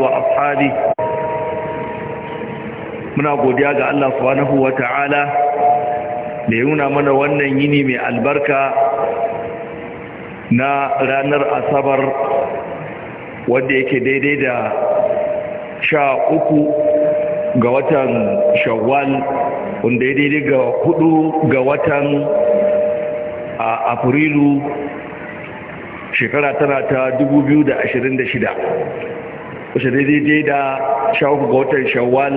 wa afhali muna godiya ga Allah subhanahu wa ta'ala da nuna mana wannan yini mai albarka na ranar asabar wanda yake daidai da sha uku ga watan shawwal wanda ya daidai ga hudu ga watan afrilu shekara tana ta 2026 kusa daidai da sha da ga watan shawwal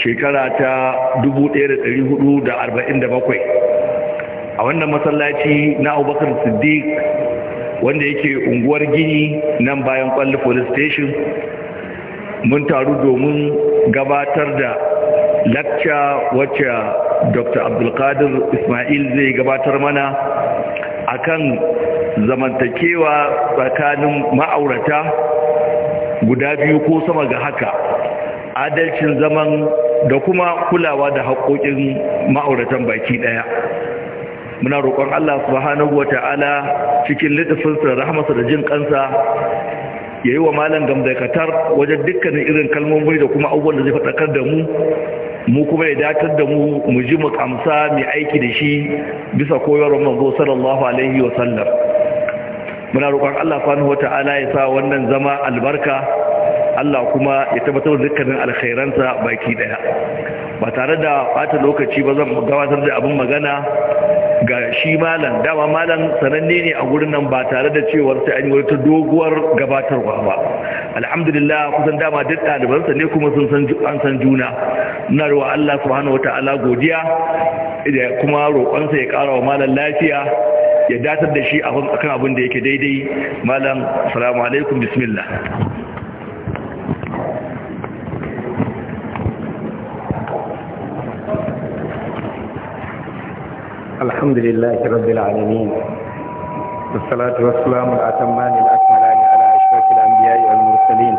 shekara ta 1447 a wannan masallaci na abubakar siddiq wanda yake unguwar gini nan bayan kwallo police station mun taru domin gabatar da lakca wacce dr abdulkadir ismail zai gabatar mana akan zamantakewa tsakanin ma'aurata guda biyu ko sama ga haka adalcin zaman da kuma kulawa da haƙoƙin ma'auratan baki ɗaya muna roƙon Allah subhanahu Ta'ala cikin littafinsa rahmasa da jin kansa ya yi wa malam gamdaikatar wajen dukkanin irin kalmomi da kuma abubuwan da zai faɗakar da mu mu kuma ya datar da mu mu ji mu kamsa mai aiki da shi bisa koyarwar manzo sallallahu alaihi wa sallam muna roƙon Allah subhanahu ta'ala ya sa wannan zama albarka Allah kuma ya tabbatar da dukkanin alkhairansa baki daya ba tare da bata lokaci ba zan gabatar da abin magana ga shi malam dama malam sananne ne a gurin nan ba tare da cewar sai an yi wata doguwar gabatarwa ba alhamdulillah kusan dama duk ɗalibansa ne kuma sun san an san juna na ruwa Allah subhanahu wata'ala godiya da kuma roƙonsa ya ƙara wa malam lafiya ya datar da shi a kan abin da yake daidai malam assalamu alaikum bismillah الحمد لله رب العالمين والصلاة والسلام الأتمان الأكملان على أشرف الأنبياء والمرسلين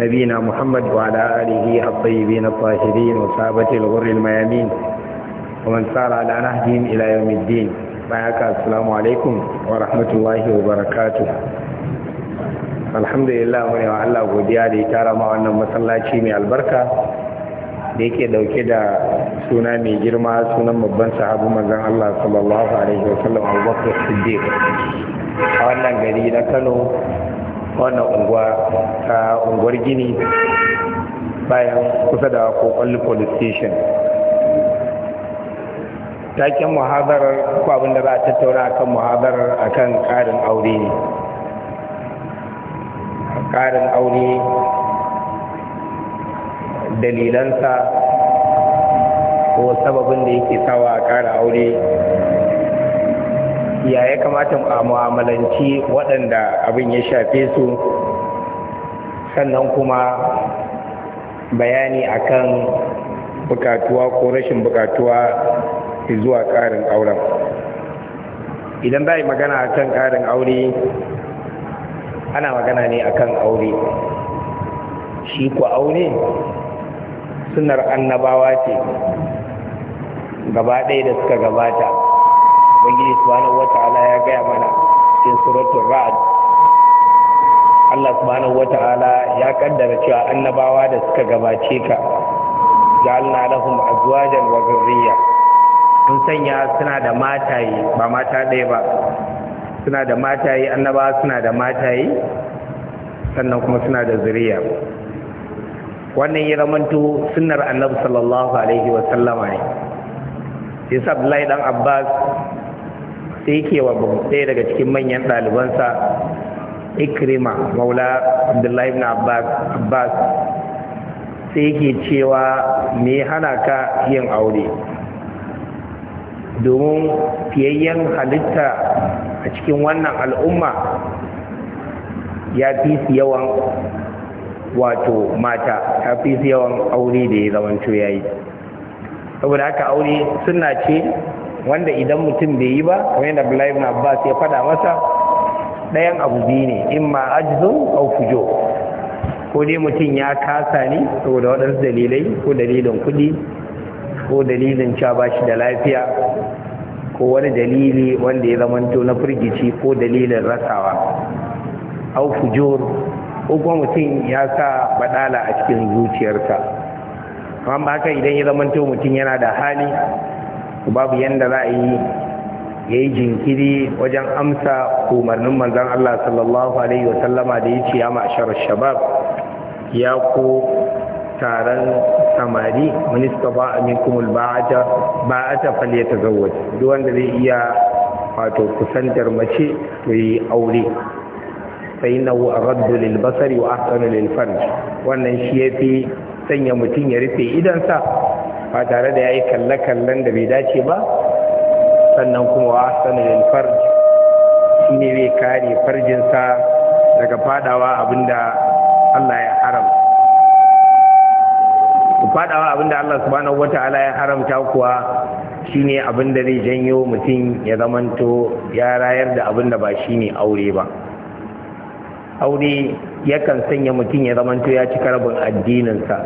نبينا محمد وعلى آله الطيبين الطاهرين وصحابة الغر الميامين ومن سار على نهجهم إلى يوم الدين معك السلام عليكم ورحمة الله وبركاته alhamdulillah mune wa Allah godiya da ya tara ma wannan masallaci mai albarka da yake dauke da suna mai girma sunan babban sahabu manzon Allah sallallahu alaihi wasallam Abu Bakr Siddiq a wannan gari na Kano wannan unguwa ta unguwar Gini bayan kusa da Kokolli police station taken muhazarar ko abin da za a tattauna akan muhazarar akan karin aure ne karin aure dalilansa ko sababin da yake sawa a ƙara aure ya ya kamata a mu'amalanci waɗanda abin ya shafe su sannan kuma bayani akan bukatuwa ko rashin bukatuwa zuwa ƙarin auren idan za yi magana akan ƙarin aure ana magana ne akan aure shi ku aure sunar annabawa ce gaba ɗaya da suka gabata ubangiji subhanahu wata'ala ya gaya mana cikin suratul ra'd Allah subhanahu wata'ala ya kaddara cewa annabawa da suka gabace ka ja'alna lahum azwajan wa dhurriyya sun sanya suna da mataye ba mata ɗaya ba suna da mataye annabawa suna da mataye sannan kuma suna da zuriya wannan ya ramanto sunnar annabi sallallahu alaihi wa sallama ne shi sa Abdullahi dan Abbas sai yake wa ɗaya daga cikin manyan ɗalibansa Ikrima maula Abdullahi ibn Abbas Abbas sai yake cewa me hana ka yin aure domin fiyayyen halitta a cikin wannan al'umma ya fi su yawan wato mata ta fi su yawan aure da ya zamanto ya yi saboda haka aure suna ce wanda idan mutum bai yi ba kamar yadda Abdullahi ibn Abbas ya faɗa masa ɗayan abu biyu ne ma ajizo au fujo ko dai mutum ya kasa ne saboda waɗansu dalilai ko dalilin kuɗi ko dalilin cewa ba shi da lafiya ko wani dalili wanda ya zamanto na firgici ko dalilin rasawa au fujo ko kuma mutum ya sa badala a cikin zuciyarsa amma haka idan ya zamanto mutum yana da hali babu yanda za a yi ya yi jinkiri wajen amsa umarnin manzan Allah sallallahu Alaihi wasallama da ya ce ya ma'ashar shabab ya ko taron samari minista ba a minkumul ta falle ta zawaj duk wanda zai iya wato kusantar mace to yi aure sai na wa lil basari wa ahsanu lil farj wannan shi yafi sanya mutum ya rufe idansa ba tare da ya yi kalle-kallen da bai dace ba sannan kuma wa sanayin farj shi ne bai kare farjinsa daga fadawa abinda Allah ya haramta fadawa abinda Allah subhanahu wata'ala ya haramta kuwa shine abinda zai janyo mutum ya zamanto ya rayar da abinda ba shi ne aure ba aure yakan sanya mutum ya zamanto ya ci karabin addininsa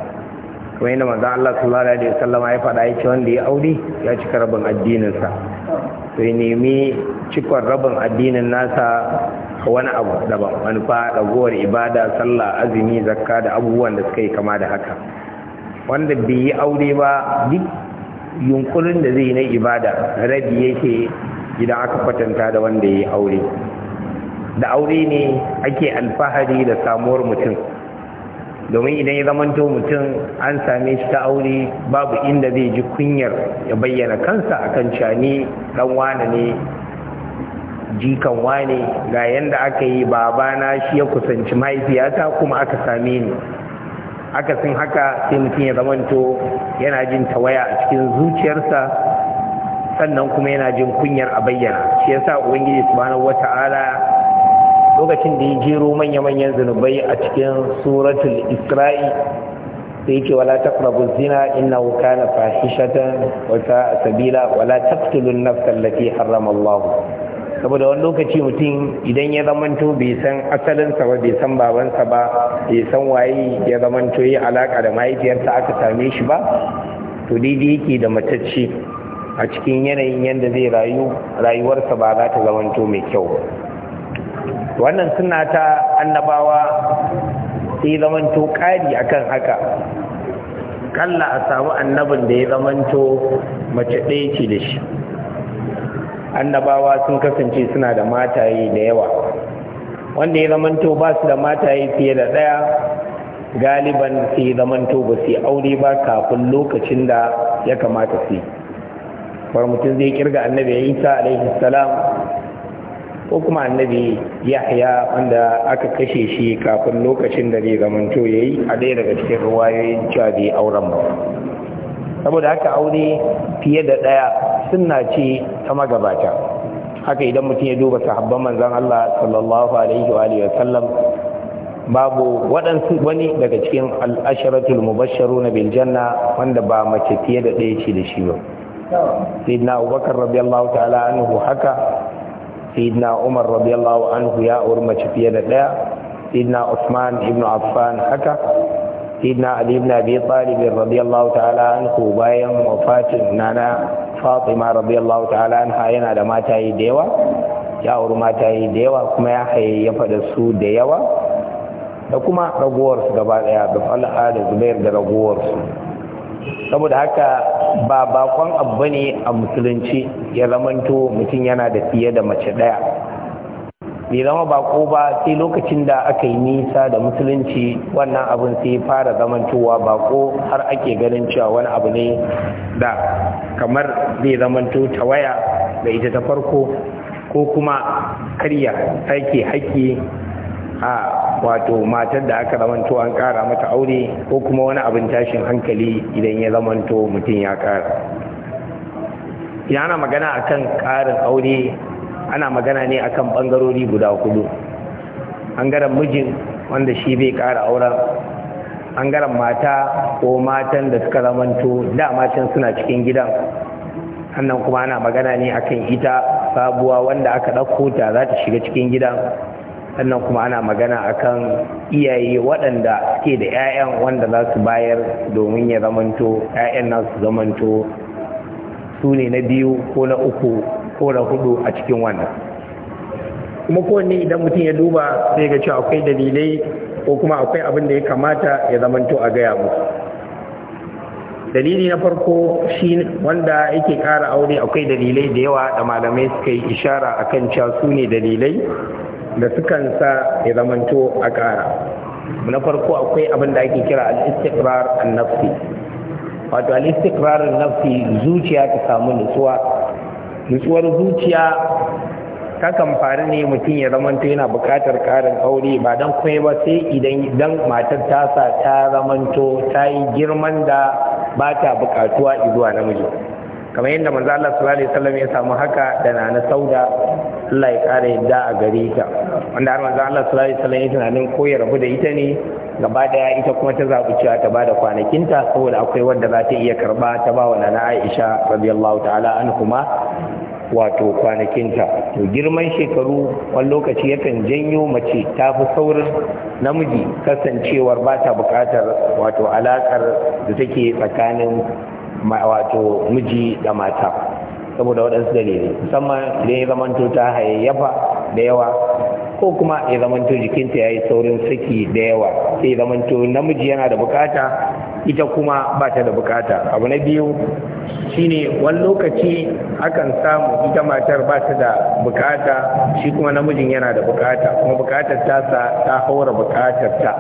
kuma yadda manzo Allah sallallahu alaihi wasallam ya faɗa ya ce wanda ya aure ya ci karabin addininsa to ya nemi cikon rabin addinin nasa wani abu daban manufa gowar ibada sallah azumi zakka da abubuwan da suka yi kama da haka wanda bai yi aure ba duk yunkurin da zai yi na ibada rabi yake gidan aka kwatanta da wanda ya yi aure da aure ne ake alfahari da samuwar mutum domin idan ya zamanto mutum an same shi ta aure babu inda zai ji kunyar ya bayyana kansa akan cani dan wane ne jikan wane ga yanda aka yi babana shi ya kusanci mahaifiyata kuma aka same ni akasin haka sai mutum ya zamanto yana jin tawaya a cikin zuciyarsa sannan kuma yana jin kunyar a bayyana shi yasa ubangiji subhanahu wata'ala lokacin da ya jero manya-manyan zunubai a cikin suratul isra'i da yake wala taqrabu zina innahu kana fahishatan wa sa'a sabila wala taqtulun nafsa allati harrama saboda wani lokaci mutum idan ya zamanto bai san asalinsa ba bai san babansa ba bai san waye ya zamanto yi alaka da mahaifiyarsa aka same shi ba to daidai yake da matacce a cikin yanayin yadda zai rayu rayuwarsa ba za ta zamanto mai kyau ba wannan suna ta annabawa sai zamanto ƙari akan haka kalla a samu annabin da ya zamanto mace ɗaya ce da shi annabawa sun kasance suna da mataye da yawa wanda ya zamanto ba su da mataye fiye da ɗaya galiban sai ya zamanto ba su aure ba kafin lokacin da ya kamata su yi mutum zai kirga annabi isa alaihi salam ko kuma annabi yahya wanda aka kashe shi kafin lokacin da zai zamanto ya yi a ɗaya daga cikin ruwayoyin cewa bai auren ba saboda haka aure fiye da ɗaya suna ce ta magabata haka idan mutum ya duba sahabban manzan Allah sallallahu alaihi wa alihi wasallam babu waɗansu wani daga cikin al'asharatul mubasharu na biljanna wanda ba mace fiye da ɗaya ce da shi ba sai na abubakar radiyallahu ta'ala anhu haka sidna umar radiyallahu anhu ya auri mace fiye da ɗaya sayyidina usman ibn affan haka sayyidina ali ibn abi talib radiyallahu ta'ala anhu bayan wafatin nana fatima radiyallahu ta'ala anha yana da mataye da yawa ya auri mataye da yawa kuma ya haye ya su da yawa da kuma ragowarsu gaba ɗaya da fal'a da zubair da ragowarsu saboda haka ba bakon abu ne a musulunci ya zamanto mutum yana da fiye da mace ɗaya bai zama bako ba sai lokacin da aka yi nisa da musulunci wannan abin sai fara zamantowa bako har ake ganin cewa wani abu ne da kamar zai zamanto ta waya da ita ta farko ko kuma karya sake haƙƙi a wato matar da aka zamanto an kara mata aure ko kuma wani abin tashin hankali idan ya zamanto mutum ya kara idan ana magana akan ƙarin aure ana magana ne akan ɓangarori guda hudu ɓangaren mijin wanda shi bai ƙara auren ɓangaren mata ko matan da suka zamanto da matan suna cikin gidan sannan kuma ana magana ne akan ita sabuwa wanda aka ɗauko ta za ta shiga cikin gidan sannan kuma ana magana akan iyaye waɗanda suke da 'ya'yan wanda za su bayar domin ya zamanto 'ya'yan su zamanto su ne na biyu ko na uku ko na hudu a cikin wannan kuma kowanne idan mutum ya duba sai ga cewa akwai dalilai ko kuma akwai abin da ya kamata ya zamanto a gaya musu dalili na farko shi wanda yake kara aure akwai dalilai da yawa da malamai suka yi ishara akan cewa su ne dalilai da sukan sa ya zamanto a ƙara na farko akwai abin da ake kira al-istiqrar an-nafsi wato al-istiqrar nafsi zuciya ta samu nutsuwa nutsuwar zuciya ta kan faru ne mutum ya zamanto yana buƙatar ƙarin aure ba dan kuma ba sai idan dan matar tasa ta zamanto ta yi girman da ba ta buƙatuwa zuwa namiji kamar yadda manzo Allah sallallahu alaihi wasallam ya samu haka da nana sauda Allah ya kare yadda a gare ta wanda har manzo Allah sallallahu alaihi wasallam ya tunanin ko ya rabu da ita ne gaba daya ita kuma ta zabi cewa ta bada kwanakinta saboda akwai wanda za ta iya karba ta ba wa nana Aisha radiyallahu ta'ala anhuma wato kwanakinta to girman shekaru wani lokaci yakan janyo mace ta fi saurin namiji kasancewar ba ta bukatar wato alakar da take tsakanin wato miji da mata saboda waɗansu dalili musamman da ya zamanto ta hayayyafa da yawa ko kuma ya zamanto jikinta ya yi saurin saki da yawa sai ya namiji yana da bukata ita kuma ba ta da bukata abu na biyu shine wani lokaci akan samu ita matar ba ta da bukata shi kuma namijin yana da bukata kuma bukatar ta sa ta haura bukatar ta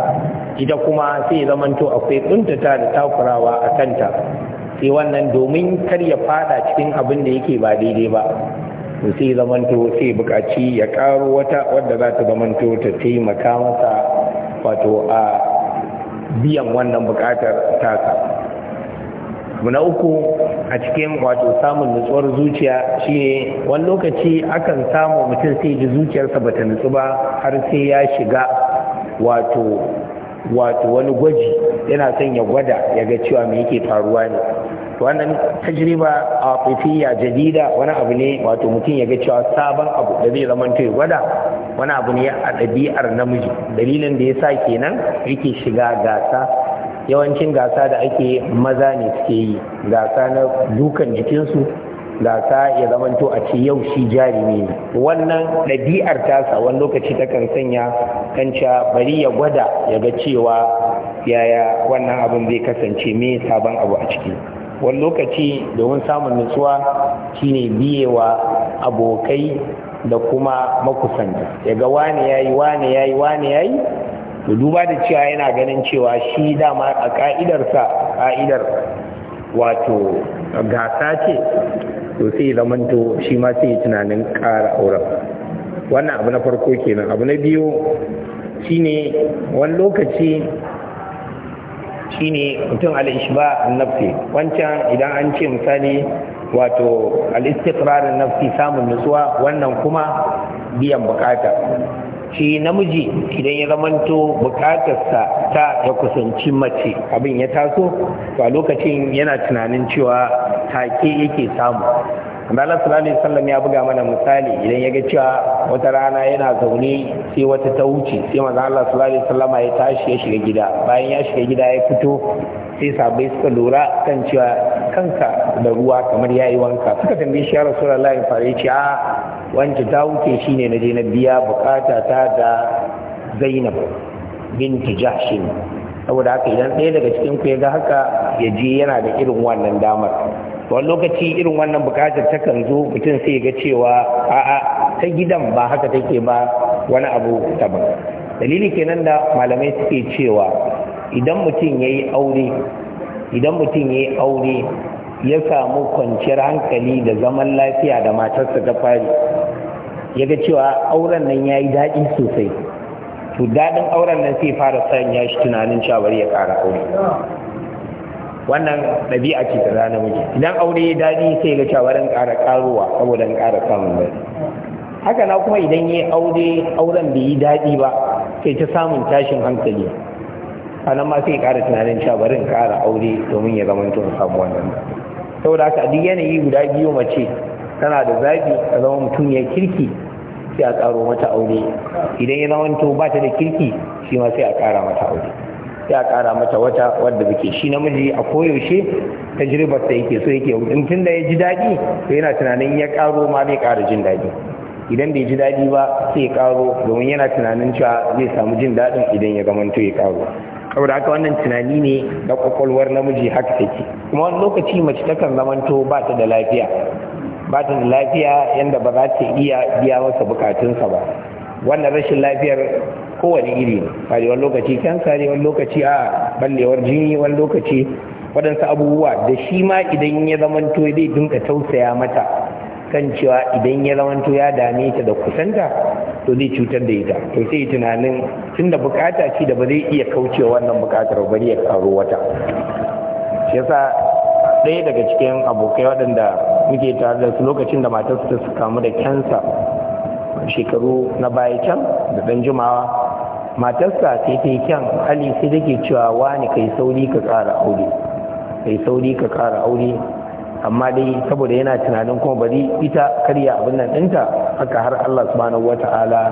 ita kuma sai zamanto akwai tsuntata da takurawa a kanta sai wannan domin kar ya fada cikin abin da yake ba daidai ba to sai zamanto sai bukaci ya karo wata wadda za ta zamanto ta taimaka masa wato a biyan wannan bukatar taka na uku a cikin wato samun nutsuwar zuciya shine wani lokaci akan samu mutum sai ji zuciyarsa bata nutsu ba har sai ya shiga wato wato wani gwaji yana son ya gwada ya ga cewa me yake faruwa ne to wannan tajriba fitiya jadida wani abu ne wato mutum ya ga cewa sabon abu da zai zama ya gwada wani abu ne a ɗabi'ar namiji dalilin da ya sa kenan yake shiga gasa yawancin gasa da ake maza ne suke yi gasa na dukan jikinsu gasa ya zamanto a ce yau shi jarumi ne wannan ɗabi'ar tasa wani lokaci takan sanya kanca bari ya gwada ya ga cewa yaya wannan abin zai kasance me sabon abu a ciki wani lokaci domin samun nutsuwa shine biyewa abokai da kuma makusanta ya ga wane ya wane yayi wane yayi to duba da cewa yana ganin cewa shi dama a ka'idarsa ka'idar wato gasa ce to sai zamanto shi ma sai tunanin ƙara auren wannan abu na farko kenan abu na biyu shine wani lokaci shine mutum al-ishba an-nafsi wancan idan an ce misali wato al-istiqrar an-nafsi samun nutsuwa wannan kuma biyan bukata shi namiji idan ya zamanto bukatarsa ta ya kusanci mace abin ya taso to a lokacin yana tunanin cewa take yake samu Allah sallallahu alaihi wasallam ya buga mana misali idan ya ga cewa wata rana yana zaune sai wata ta wuce sai manzo Allah sallallahu alaihi wasallam ya tashi ya shiga gida bayan ya shiga gida ya fito sai sabai suka lura kan cewa kanka da ruwa kamar yayi wanka suka tambaye shi ya rasulullahi ya ya ce a wanke ta wuce shine na je na biya bukata ta da Zainab binti Jahshin saboda haka idan ɗaya daga cikin ku ya ga haka ya je yana da irin wannan damar wani lokaci irin wannan bukatar takan zo mutum sai ga cewa a'a ta gidan ba haka take ba wani abu daban dalili kenan da malamai suke cewa idan mutum ya yi aure idan mutum ya yi aure ya samu kwanciyar hankali da zaman lafiya da matarsa ta fari ya ga cewa auren nan ya yi daɗi sosai to daɗin auren nan sai fara sanya shi tunanin cewa ya ƙara aure wannan ɗabi'a ce ta rana muke idan aure ya daɗi sai ga cewa ƙara ƙaruwa saboda in ƙara samun daɗi haka na kuma idan ya aure auren bai yi daɗi ba sai ta samun tashin hankali a nan ma sai ƙara tunanin cewa ƙara aure domin ya zama tun samu wannan saboda haka duk yanayi guda biyu mace tana da zaɓi a zama mutum ya kirki sai a ƙaro mata aure idan ya zama to ba ta da kirki shi ma sai a ƙara mata aure sai a ƙara mata wata wadda muke shi namiji a koyaushe tajribar ta yake so yake in tun da ya ji daɗi to yana tunanin ya karo ma zai kara jin daɗi idan bai ji daɗi ba sai ya karo domin yana tunanin cewa zai samu jin daɗin idan ya zamanto ya ƙaro saboda haka wannan tunani ne da kwakwalwar namiji haka take kuma wani lokaci mace takan zamanto ba ta da lafiya ba ta da lafiya yadda ba za ta iya biya masa bukatunsa ba wannan rashin lafiyar kowane iri ne karewar lokaci kyan karewar lokaci a ballewar jini wani lokaci waɗansu abubuwa da shi ma idan ya zamanto zai dinka tausaya mata kan cewa idan ya zamanto ya dame ta da kusanta to zai cutar da ita to sai tunanin tun da bukata ce da ba zai iya kaucewa wannan bukatar bari ya karo wata shi yasa ɗaya daga cikin abokai waɗanda muke tare da su lokacin da matarsu ta su kamu da kyansa shekaru na baya can da ɗan jimawa matarsa sai ta yi kyan ali sai da ke cewa wani kai sauri ka kara aure kai sauri ka kara aure amma dai saboda yana tunanin kuma bari ita karya abin nan ɗinta haka har Allah subhanahu ta'ala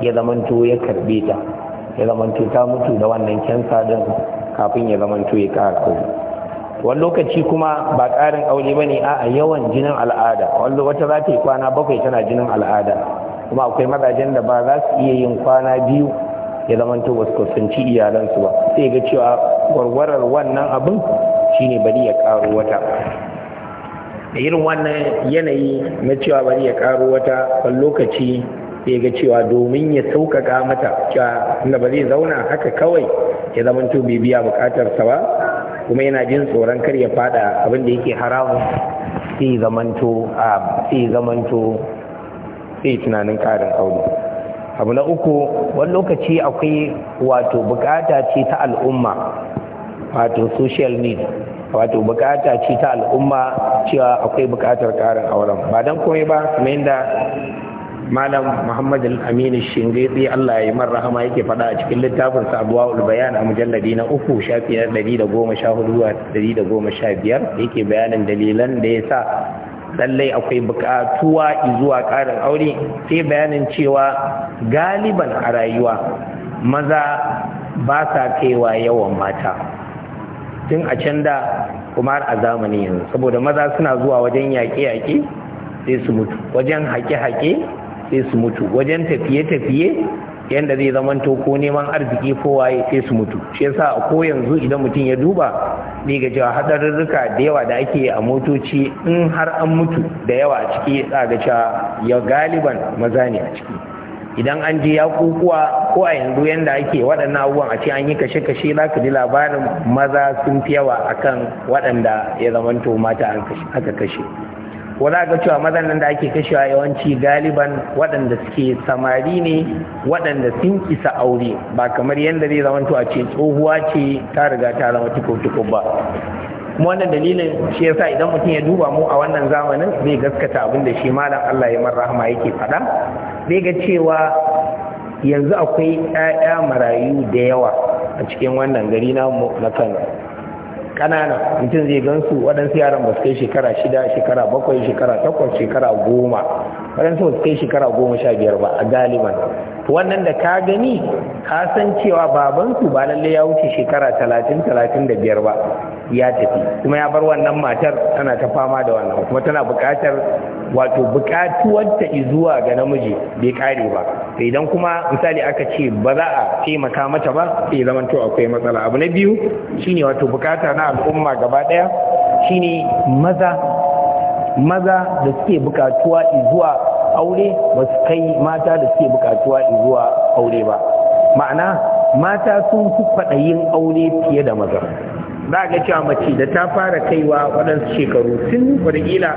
ya zamanto ya karbe ta ya zamanto ta mutu da wannan kyansa din kafin ya zamanto ya kara aure wani lokaci kuma ba ƙarin aure ba ne a yawan jinin al'ada wani wata za ta yi kwana bakwai tana jinin al'ada kuma akwai mazajen da ba za su iya yin kwana biyu ya zamanto wasu kusanci iyalansu ba sai ga cewa warwarar wannan abin shine bari ya karo wata da irin wannan yanayi na cewa bari ya karo wata a lokaci sai ga cewa domin ya sauƙaƙa mata cewa inda ba zai zauna haka kawai ya zamanto bai biya buƙatarsa ba kuma yana jin tsoron kar ya fada abin da yake haramun sai zamanto ah, sai tunanin karin aure abu na uku wani lokaci akwai wato bukata ce ta al'umma wato social need wato bukata ce ta al'umma cewa akwai bukatar karin auren ba don komai ba kamar yadda malam muhammad al-aminu shingiri allah ya man rahama yake faɗa a cikin littafin sabuwa bayan a mujalladi na uku shafi na ɗari da goma sha hudu zuwa ɗari da goma sha biyar yake bayanin dalilan da ya sa lallai akwai bukatuwa zuwa ƙarin aure sai bayanin cewa galiban a rayuwa maza ba sa kaiwa yawan mata tun a can da kuma a zamani yanzu saboda maza suna zuwa wajen yaƙe-yaƙe sai su mutu wajen haƙe-haƙe sai su mutu wajen tafiye-tafiye yanda zai zamanto ko neman arziki ko waye sai su mutu shi yasa ko yanzu idan mutum ya duba ne ga cewa hadarurruka da yawa da ake a motoci in har an mutu da yawa a ciki za ga cewa ya galiban maza ne a ciki idan an je ya kukuwa ko a yanzu yanda ake waɗannan abubuwan a ce an yi kashe-kashe za ka ji labarin maza sun fi yawa akan waɗanda ya zamanto mata aka kashe za ga cewa mazan nan da ake kashewa yawanci galiban waɗanda suke samari ne waɗanda sun isa aure ba kamar yadda zai zamanto a ce tsohuwa ce ta riga ta zama tukutuku ba kuma wannan dalilin shi yasa idan mutum ya duba mu a wannan zamanin zai gaskata abin da shi malam Allah ya rahama yake faɗa zai ga cewa yanzu akwai 'ya'ya marayu da yawa a cikin wannan gari na Kano Kanana, mutum zai gansu waɗansu yaran ba su kai shekara shida shekara bakwai shekara takwas shekara goma waɗansu ba su kai shekara goma sha biyar ba a galiban wannan da ka gani ka san cewa babansu ba lallai ya wuce shekara talatin talatin da biyar ba ya tafi kuma ya bar wannan matar tana ta fama da wannan kuma tana buƙatar wato buƙatuwarta zuwa ga namiji bai kare ba idan kuma misali aka ce ba za a taimaka mata ba sai zaman to akwai matsala abu na biyu shine wato buƙata na al'umma gaba ɗaya shine maza maza da suke buƙatuwa zuwa aure ba su kai mata da suke buƙatuwa zuwa aure ba ma'ana mata sun fi faɗayin aure fiye da maza za ga cewa mace da ta fara kaiwa waɗansu shekaru tun wadakila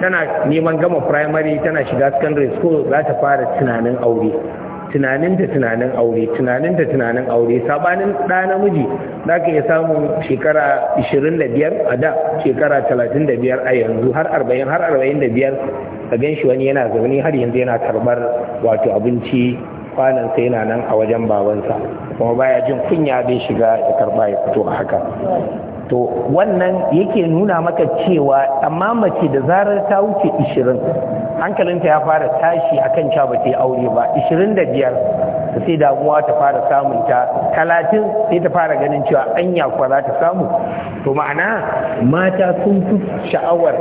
tana neman gama primary tana shiga secondary school za ta fara tunanin aure tunanin da tunanin aure tunanin da tunanin aure sabanin ɗa namiji za ka iya samun shekara 25 a da shekara 35 a yanzu har 40 har 45 a gan shi wani yana zaune har yanzu yana karɓar wato abinci kwanansa yana nan a wajen babansa kuma baya jin kunya bai shiga ya karba ya fito a haka to wannan yake nuna maka cewa amma mace da zarar ta wuce 20 hankalinta ya fara tashi akan cewa ba ta yi aure ba 25 sai damuwa ta fara samun ta 30 sai ta fara ganin cewa an yakwa za ta samu to ma'ana mata sun fi sha'awar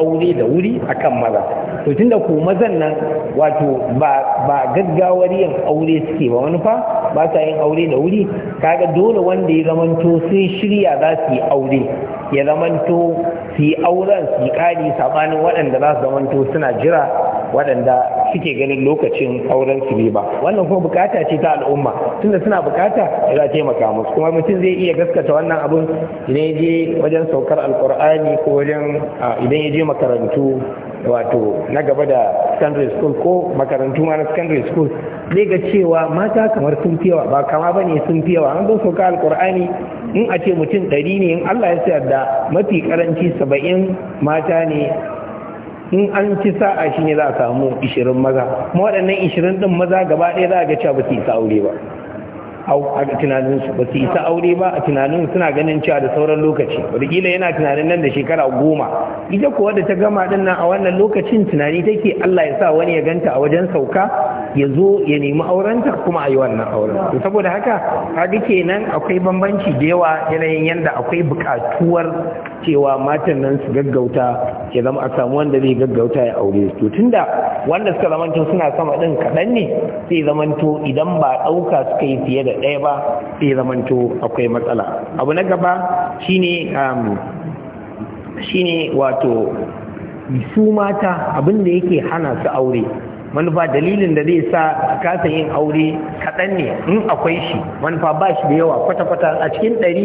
aure da wuri akan maza to tunda ko mazan nan wato ba ba gaggawar yin aure suke ba manufa? fa ba sa yin aure da wuri kaga dole wanda ya zamanto sai shirya za su yi aure ya zamanto su yi auren su yi ƙari saɓanin waɗanda za su zamanto suna jira waɗanda suke ganin lokacin auren su ba wannan kuma bukata ce ta al'umma tunda suna bukata ya za taimaka musu kuma mutum zai iya gaskata wannan abun idan ya je wajen saukar alkur'ani ko wajen idan ya je makarantu wato na gaba da secondary school ko makarantu ma na secondary school zai ga cewa mata kamar sun fi yawa ba kama ba ne sun fi yawa an zo sauka alkur'ani in a ce mutum ɗari ne in allah ya sayar da mafi karanci saba'in mata ne in an ci sa'a shi ne za a samu 20 maza ma waɗannan 20 ɗin maza gaba ɗaya za a ga cewa ba su isa aure ba a tunaninsu ba su isa aure ba a tunanin suna ganin cewa da sauran lokaci wadda yana tunanin nan da shekara goma ita kuwa da ta gama din nan a wannan lokacin tunani take Allah ya sa wani ya ganta a wajen sauka ya zo ya nemi aurenta kuma a yi wannan auren to saboda haka ke nan akwai bambanci da yawa yanayin yanda akwai bukatuwar cewa matan nan su gaggauta ya zama a samu wanda zai gaggauta ya aure to tunda wanda suka zamanto suna sama din kaɗan ne sai zamanto idan ba ɗauka suka yi fiye da da ɗaya ba sai zamanto akwai matsala abu na gaba shine um, shine wato su mata abin da yake hana su aure manufa dalilin da zai sa kasa yin aure kaɗan ne in akwai shi manufa ba shi da yawa kwata-kwata a cikin ɗari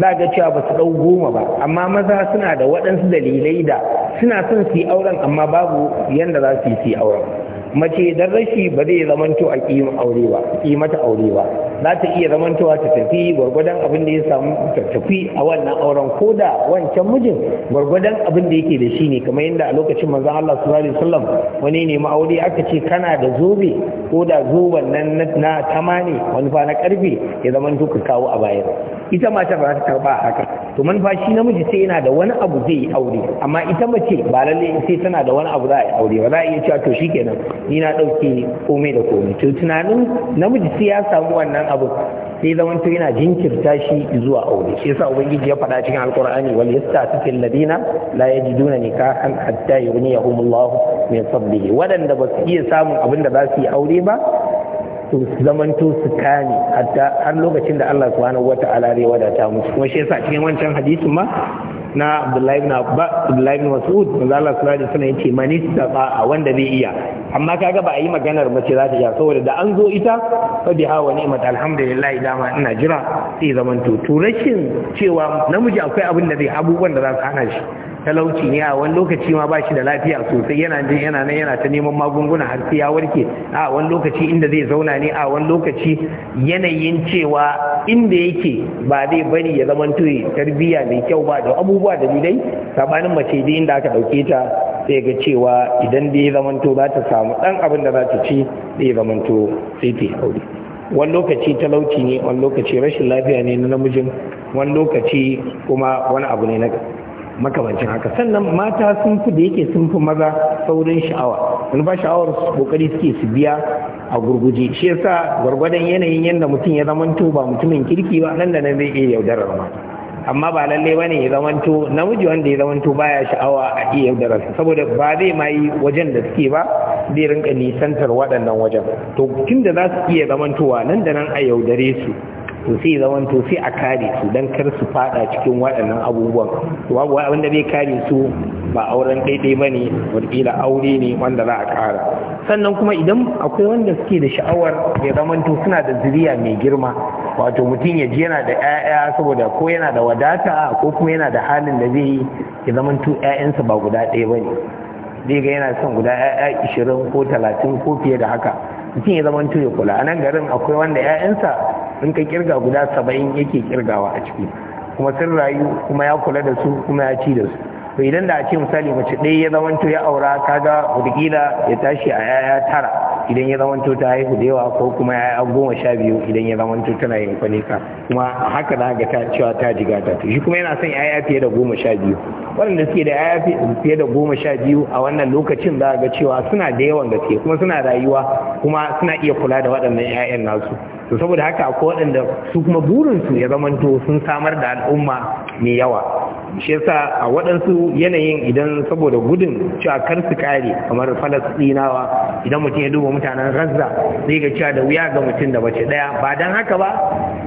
za ga cewa ba su ɗau goma ba amma maza suna da waɗansu dalilai da suna son su yi auren amma babu yadda za su yi su yi auren mace dan rashi ba zai zamanto a kima aure ba kimata aure ba za ta iya zamantowa ta tafi gwargwadon abin da ya samu ta tafi a wannan auren ko da wancan mijin gwargwadon abin da yake da shi ne kamar yadda a lokacin manzon Allah sallallahu alaihi wasallam wani ne ma'aure aka ce kana da zobe ko da zoben nan na tama ne wani fa na karfe ya zamanto ka kawo a bayar ita mace ba ta karba haka to manufa shi namiji sai yana da wani abu zai yi aure amma ita mace ba lalle sai tana da wani abu za a yi aure ba za a iya cewa to shikenan ni na ɗauke komai da komai to tunanin namiji sai ya samu wannan abu sai zamanto yana jinkirta shi zuwa aure shi yasa ubangiji ya faɗa cikin alqur'ani wal yastatil ladina la yajiduna nikahan hatta yughniyahumullahu min fadlihi wadanda ba su iya samun abin da za su yi aure ba to zamanto su kame hatta har lokacin da Allah subhanahu wata'ala zai wadata musu kuma shi yasa cikin wancan hadisin ma na abdullahi ibn Abba abdullahi ibn mas'ud manzo Allah sallallahu alaihi wasallam yace man a wanda zai iya amma kaga ba a yi maganar mace za ta iya saboda da an zo ita fa biha wa ni'mat alhamdulillah dama ina jira sai zamantu to rashin cewa namiji akwai abin da zai abubuwan da za su hana shi talauci ne a wani lokaci ma ba shi da lafiya sosai yana jin yana nan yana ta neman magunguna har sai ya warke a wani lokaci inda zai zauna ne a wani lokaci yanayin cewa inda yake ba zai bari ya zama tarbiyya mai kyau ba da abubuwa da dai sabanin mace dai inda aka dauke ta sai ga cewa idan da ya to za ta samu dan abin da za ta ci zai to sai ta yi aure wani lokaci talauci ne wani lokaci rashin lafiya ne na namijin wani lokaci kuma wani abu ne na makamancin haka sannan mata sun fi da yake sun fi maza saurin sha'awa wani ba sha'awar su kokari suke su biya a gurguje shi yasa gwargwadon yanayin yadda mutum ya to ba mutumin kirki ba nan da nan zai iya yaudarar mata amma ba lalle bane ya to namiji wanda ya zamanto baya sha'awa a iya yaudarar saboda ba zai ma yi wajen da suke ba zai rinka nisantar waɗannan wajen to da za su iya zamantowa nan da nan a yaudare su to sai zaman to sai a kare su dan kar su fada cikin waɗannan abubuwan to babu wanda bai kare su ba auren daidai ba ne wadkila aure ne wanda za a kara sannan kuma idan akwai wanda suke da sha'awar ya zaman to suna da zuriya mai girma wato mutum ya ji yana da 'ya'ya saboda ko yana da wadata ko kuma yana da halin da zai yi ya zaman to 'ya'yansa ba guda ɗaya ba ne zai ga yana son guda 'ya'ya ishirin ko talatin ko fiye da haka mutum ya zaman to ya kula a nan garin akwai wanda 'ya'yansa in ka kirga guda saba'in yake kirgawa a ciki kuma sun rayu kuma ya kula da su kuma ya ci da su to idan da a ce misali mace ɗaya ya zamanto ya aura kaga wadakila ya tashi a yaya tara idan ya zamanto ta haihu da yawa ko kuma yaya goma sha biyu idan ya zamanto tana yin kwanika kuma haka na ga ta cewa ta jiga ta shi kuma yana son yaya fiye da goma sha biyu waɗanda suke da yaya fiye da goma sha biyu a wannan lokacin za ga cewa suna da yawan gaske kuma suna rayuwa kuma suna iya kula da waɗannan yayan nasu to saboda haka akwai waɗanda su kuma burinsu ya zamanto sun samar da al'umma mai yawa shi yasa a waɗansu yanayin idan saboda gudun cewa kar su kare kamar falastinawa idan mutum ya duba mutanen razza zai ga cewa da wuya ga mutum da mace ɗaya ba don haka ba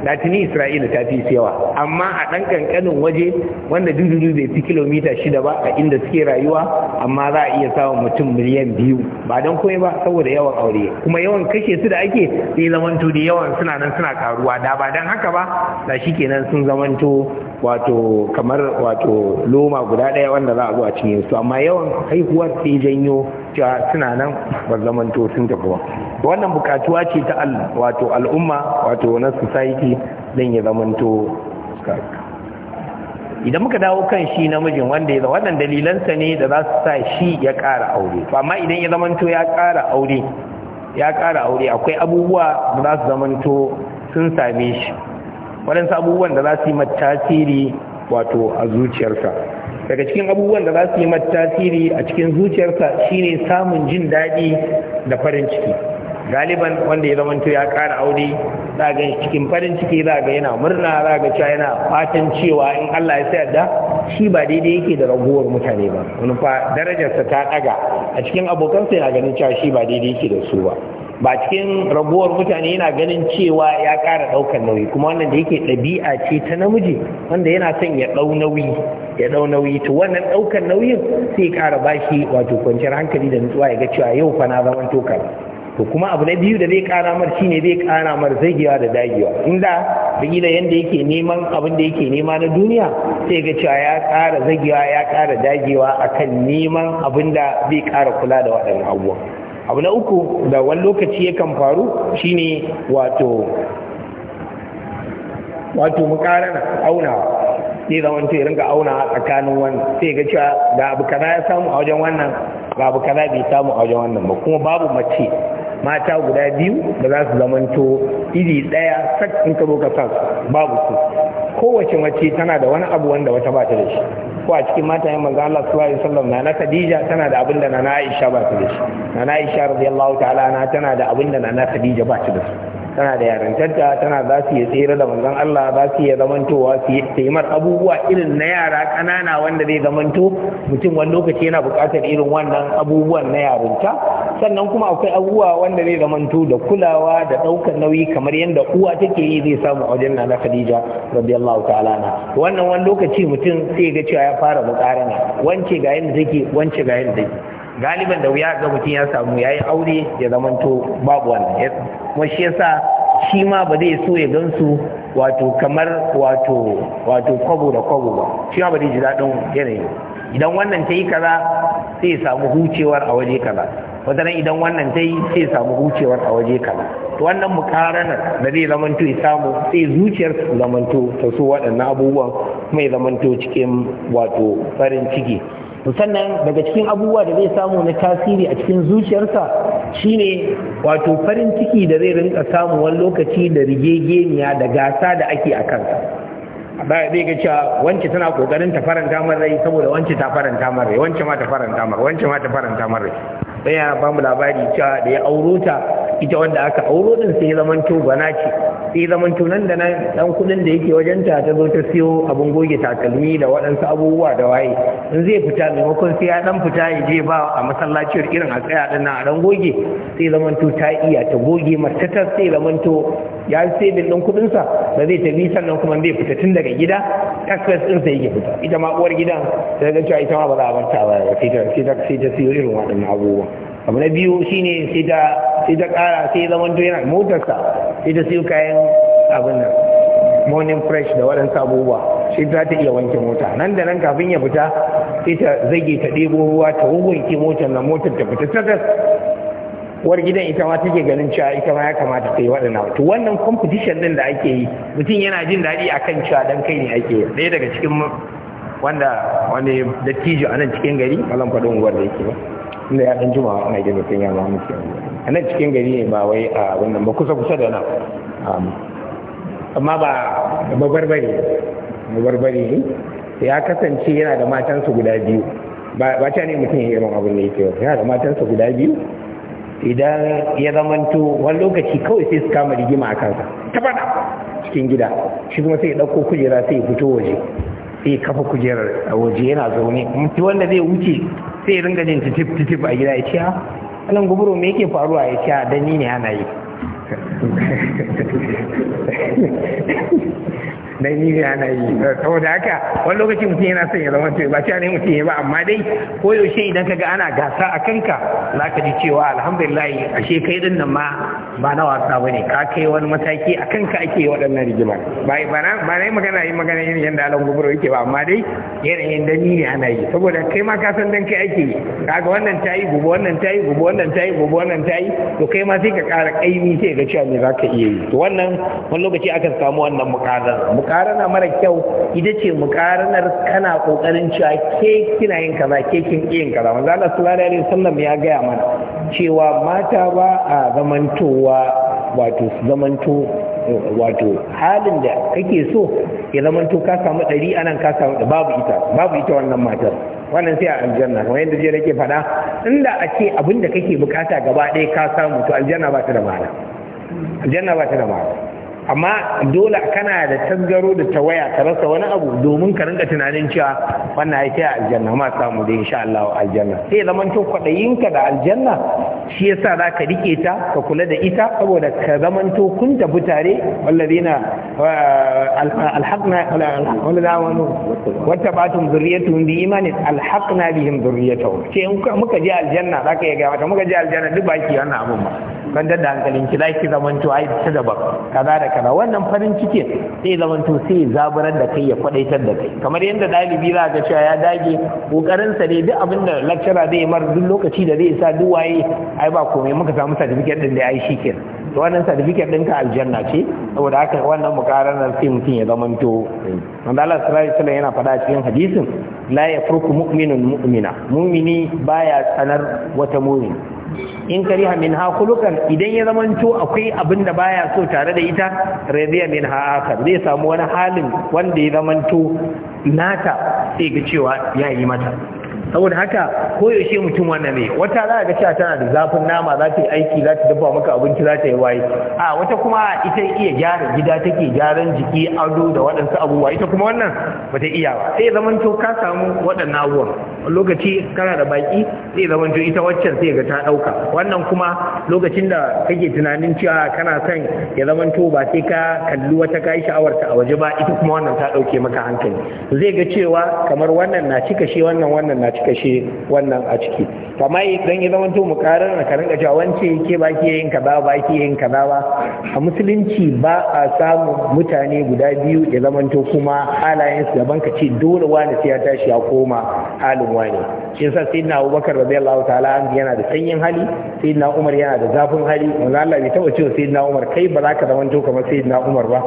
latini isra'ila ta fi yawa amma a ɗan ƙanƙanin waje wanda dududu zai fi kilomita shida ba a inda suke rayuwa amma za a iya samun mutum miliyan biyu ba don komai ba saboda yawan aure kuma yawan kashe su da ake zai zamanto da yawan sauran suna nan suna karuwa da ba don haka ba da shi kenan sun zamanto wato kamar wato loma guda ɗaya wanda za a zo a cinye su amma yawan haihuwar sai janyo cewa suna nan ba zamanto sun tafi ba wannan bukatuwa ce ta wato al'umma wato na society don ya zamanto idan muka dawo kan shi namijin wanda ya wannan dalilansa ne da za su sa shi ya ƙara aure amma idan ya zamanto ya ƙara aure ya ƙara aure akwai abubuwa da za su zamanto sun same shi waɗansu abubuwan da za su yi matasiri wato a zuciyarsa daga cikin abubuwan da za su yi matasiri a cikin zuciyarsa shine samun jin daɗi da farin ciki galiban wanda ya zamanto ya ƙara aure za ga cikin farin ciki za ga yana murna za ga cewa yana fatan cewa in Allah ya sayar da shi ba daidai yake da ragowar mutane ba wani darajarsa ta ɗaga a cikin abokansa yana ganin cewa shi ba daidai yake da su ba ba cikin ragowar mutane yana ganin cewa ya ƙara ɗaukar nauyi kuma wannan da yake ɗabi'a ce ta namiji wanda yana son ya ɗau nauyi ya ɗau nauyi to wannan ɗaukar nauyin sai ya ƙara bashi wato kwanciyar hankali da nutsuwa ya ga cewa yau fa na zaman tokar to kuma abu na biyu da zai kara mar shine zai kara mar zagewa da dagewa inda bigila yanda yake neman abin da yake nema na duniya sai ga cewa ya kara zagewa ya kara dagewa akan neman abin da zai kara kula da waɗannan abubuwan abu na uku da wani lokaci yakan faru shine wato wato mukarana auna sai zaman to ya ringa auna tsakanin wani. sai ga cewa da abu kaza ya samu a wajen wannan ga abu kaza bai samu a wajen wannan ba kuma babu mace mata guda biyu da za su zamanto iri ɗaya sak in ka zo ka sa babu su kowace mace tana da wani abu wanda wata ba ta da shi ko a cikin mata yin manzo Allah sallallahu alaihi wasallam na Khadija tana da abin da na Aisha ba ta da shi na Aisha radiyallahu ta'ala na tana da abin da na Khadija ba ta da su tana da yarantarta tana za su iya tsere da manzon Allah za su iya zamantowa su yi mar abubuwa irin na yara kanana wanda zai zamanto mutum wani lokaci yana buƙatar irin wannan abubuwan na yarinta sannan kuma akwai abubuwa wanda zai zamanto da kulawa da ɗaukar nauyi kamar yadda uwa take yi zai samu a wajen Nana Khadija radiyallahu ta'ala na wannan wani lokaci mutum sai ga cewa ya fara muƙarana wance ga yadda take wance ga yadda take galiban da wuya ga mutum ya samu yayi aure ya zamanto babu wannan kuma shi yasa shi ma ba zai so ya gansu wato kamar wato wato kwabo da kwabo ba shi ma ba zai ji daɗin yanayi idan wannan ta yi kaza sai samu hucewar a waje kaza nan idan wannan ta yi sai samu hucewar a waje kaza to wannan mukaranar da zai zamanto ya samu sai zuciyar su zamanto ta so waɗannan abubuwan kuma ya zamanto cikin wato farin ciki to sannan daga cikin abubuwa da zai samu na tasiri a cikin zuciyarsa shine wato farin ciki da zai rinka samu wani lokaci da rigegeniya da gasa da ake a kansa zai ga cewa wance tana kokarin ta faranta mar saboda wance ta faranta mar wance ma ta faranta mar wance ma ta faranta mar rai dan ba labari cewa da ya auro ta ita wanda aka auro din sai ya zamanto bana ce sai zaman tunan da dan kudin da yake wajen ta ta zo ta siyo abin goge takalmi da waɗansu abubuwa da waye in zai fita maimakon sai ya dan fita ya je ba a masallaciyar irin a tsaya din a dan goge sai zaman to ta iya ta goge mata ta sai zaman to ya sai din dan kudin sa ba zai tafi sannan kuma zai fita tun daga gida express din sai yake fita ita ma uwar gidan sai ga cewa ita ma ba za a bar ta ba sai ta sai ta siyo irin waɗannan abubuwa abu na biyu shine sai ta kara sai zama to yana motarsa sai ta siyo kayan abin nan morning fresh da waɗansu abubuwa sai ta ta iya wanke mota nan da nan kafin ya fita sai ta zage ta ɗebo ruwa ta motar na motar ta fita takas war gidan ita ma take ganin cewa ita ma ya kamata ta yi waɗannan to wannan competition din da ake yi mutum yana jin daɗi akan cewa dan kai ne ake yi ɗaya daga cikin wanda wani dattijo a nan cikin gari malam faɗin uwar da yake ba inda ya ɗan juma ana gina sun yama muke a nan cikin gari ne ba wai a wannan ba kusa kusa da nan amma ba babarbare ba ne ya kasance yana da matansu guda biyu ba ta ne mutum ya irin abin da yake yana da matansa guda biyu idan ya zamanto wani lokaci kawai sai su kama rigima a kansa ta cikin gida shi kuma sai ya ɗauko kujera sai ya fito waje sai kafa kujerar a waje yana zaune mutu wanda zai wuce sai ringa jin titif titif a gida ya ce anan ah, guburo me yake faruwa ya ce ah, dani ni ne ana yi dan yi ne ana yi eh, saboda haka wani lokaci mutum yana son ya zama to ba cewa ne mutum ya ba amma dai ko yaushe idan kaga ana gasa a kanka za ka ji cewa alhamdulillah ashe kai din nan ma ba na wasa bane ka kai wani mataki a kanka ake waɗannan rigima ba ba na yi magana yi magana irin yanda alan gubro yake ba amma dai yanayin dan ne ana yi saboda kai ma ka san dan kai ake yi kaga wannan tayi gobe wannan tayi gobe wannan tayi gobe wannan tayi to kai ma sai ka ƙara ƙaimi sai ka ga cewa me ka iya yi to wannan wani lokaci akan samu wannan muƙalar mukarana mara kyau ita ce mukaranar kana kokarin cewa ke kina yin kaza ke kin yin kaza manzo Allah sallallahu alaihi wasallam ya gaya mana cewa mata ba a zamantowa wato zamanto wato halin da kake so ya zamanto ka samu ɗari anan ka samu babu ita babu ita wannan matar wannan sai a aljanna kamar yadda jiya nake faɗa inda a ce abin da kake bukata gaba ɗaya ka samu to aljanna ba ta da ma'ana aljanna ba ta da ma'ana amma dole kana da tasgaro da tawaya ka rasa wani abu domin ka rinka tunanin cewa wannan ya ta aljanna ma samu da insha Allah aljanna sai zaman to ka da aljanna shi yasa ka rike ta ka kula da ita saboda ka zaman to kun tafi tare wallazina alhaqna wallazina batun zuriyatu bi imani alhaqna bihim zuriyatu ke muka je aljanna za ka ga mata muka je aljanna duk baki wannan abun ba kan da hankalin ki zaki zaman to ai ta ba kaza da ka. kana wannan farin cikin sai zaman to sai zaburar da kai ya kwadaitar da kai kamar yadda dalibi za ga cewa ya dage kokarin sa ne duk abin da lecturer zai mar duk lokaci da zai sa duk waye ai ba komai muka samu certificate din da ai ke to wannan certificate din ka aljanna ce saboda haka wannan mukaranar sai mutum ya zama to manzo Allah sallallahu alaihi wasallam yana faɗa cikin hadisin la yafruku mu'minun mu'mina mu'mini baya tsanar wata mu'mini in kariha min ha kulukan idan ya zamanto akwai abin da baya so tare da ita radiya min ha akar zai samu wani halin wanda ya zamanto nata sai ga cewa ya yi mata saboda haka koyaushe mutum wannan ne wata za a ga cewa tana da zafin nama za ta yi aiki za ta dafa maka abinci za ta yi waye a wata kuma ita iya gyara gida take gyaran jiki ado da waɗansu abubuwa ita kuma wannan ba ta iya ba sai zaman to ka samu waɗannan abubuwan lokaci kana da baki sai zaman to ita waccan sai ga ta ɗauka wannan kuma lokacin da kake tunanin cewa kana son ya zaman to ba sai ka kalli wata ka yi sha'awarta a waje ba ita kuma wannan ta ɗauke maka hankali zai ga cewa kamar wannan na cika shi wannan wannan na cika kashe wannan a ciki amma idan ya zama to mukarar na karin cewa wance ke ba ke yin kaza ba ke yin kaza ba a musulunci ba a samun mutane guda biyu ya zama to kuma halayen su daban ka dole wani sai ya tashi ya koma halin wani shi yasa sayyidina Abubakar radiyallahu ta'ala yana da sanyin hali sayyidina Umar yana da zafin hali wanda Allah bai taba cewa sayyidina Umar kai ba za ka zama to kamar sayyidina Umar ba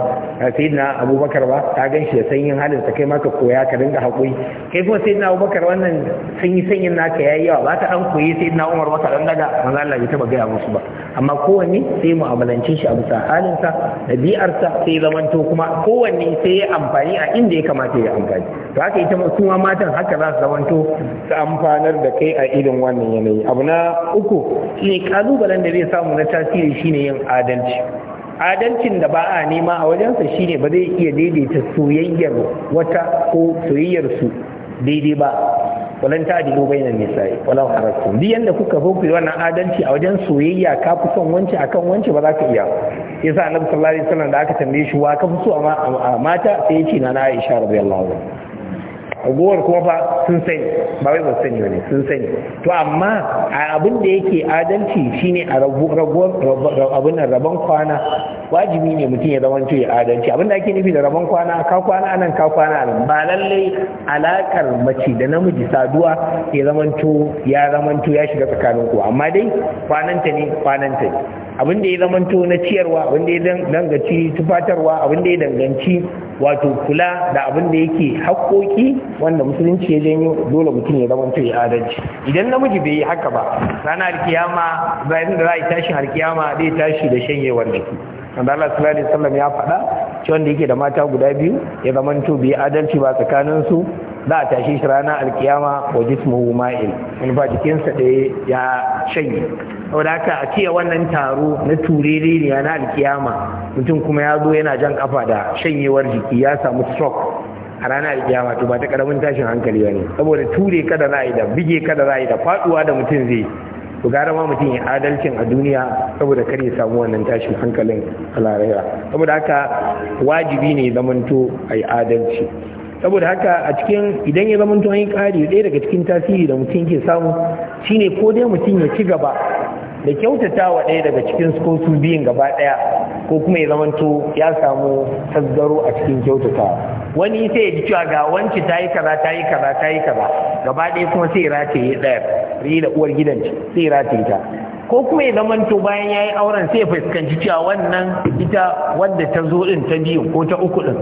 sayyidina Abubakar ba ta gan shi da sanyin halin sa kai maka koya ka dinga haƙuri kai kuma sayyidina Abubakar wannan sun yi sanyin naka ya yi yawa ba ta an koyi sai na Umar wata dan gada za Allah bai taba gaya musu ba amma kowanne sai mu amalance shi a bisa halinsa biyarsa sai zamanto kuma kowanne sai ya amfani a inda ya kamata ya amfani to haka ita kuma matan haka za su zamanto su amfanar da kai a irin wannan yanayi abu na uku shine kalubalen da zai samu na tasiri shine yin adalci adalcin da ba a nema a wajensa shine ba zai iya daidaita soyayyar wata ko soyayyar su daidai ba walan nan bainan nisa'i walau harastum duk yanda kuka zo ku yi wannan adalci a wajen soyayya ka fi son wance akan wance ba za ka iya yasa annabi sallallahu alaihi wasallam da aka tambaye shi wa ka fi so a mata sai yace na Aisha radiyallahu anha gowar kuma fa sun sani ba wai ba sani bane sun sani to amma abin da yake adalci shine a abin rabon kwana wajibi ne mutum ya zama ya adalci da ake nufi da rabon kwana ka kwana nan ka kwana nan ba lallai alakar mace da namiji saduwa ya zama ya zama ya shiga tsakanin ku amma dai kwananta ne kwananta ne abin da ya zamanto na ciyarwa abin da ya danganci tufatarwa abin da ya danganci wato kula da abin da yake haƙoƙi wanda musulunci ya janyo dole mutum ya zama ya adalci idan namiji bai yi haka ba ranar kiyama bayan da za a yi tashin har kiyama zai tashi da shanyewar jiki wanda Allah sallallahu alaihi wasallam ya faɗa ci wanda yake da mata guda biyu ya zama to bi adalci ba tsakanin su za a tashi shi rana alkiyama wa jismuhu ma'il in ba jikinsa ɗaya ya shanye saboda haka a ce wannan taro na turere ne na alkiyama mutum kuma ya zo yana jan kafa da shanyewar jiki ya samu stroke a rana alkiyama to ba ta karamin tashin hankali ba ne saboda ture kada za a yi da bige kada za da faduwa da mutum zai to gara ma mutum ya adalcin a duniya saboda kar ya samu wannan tashin hankalin a larayya saboda haka wajibi ne zamanto a yi adalci saboda haka a cikin idan ya zamanto an yi kari ɗaya daga cikin tasiri da mutum ke samu shine ko dai mutum ya ci gaba da kyautata wa ɗaya daga cikin ko su biyun gaba ɗaya ko kuma ya zamanto ya samu tasgaro a cikin kyautata, wani sai ya ji cewa ga wanci ta yi kaza ta yi kaza ta yi kaza gaba ɗaya kuma sai rataye ɗaya riyi da uwar gidan sai rataye ta ko kuma ya zamanto bayan ya yi auren sai ya fuskanci cewa wannan ita wadda ta zo ɗin ta biyu ko ta uku ɗin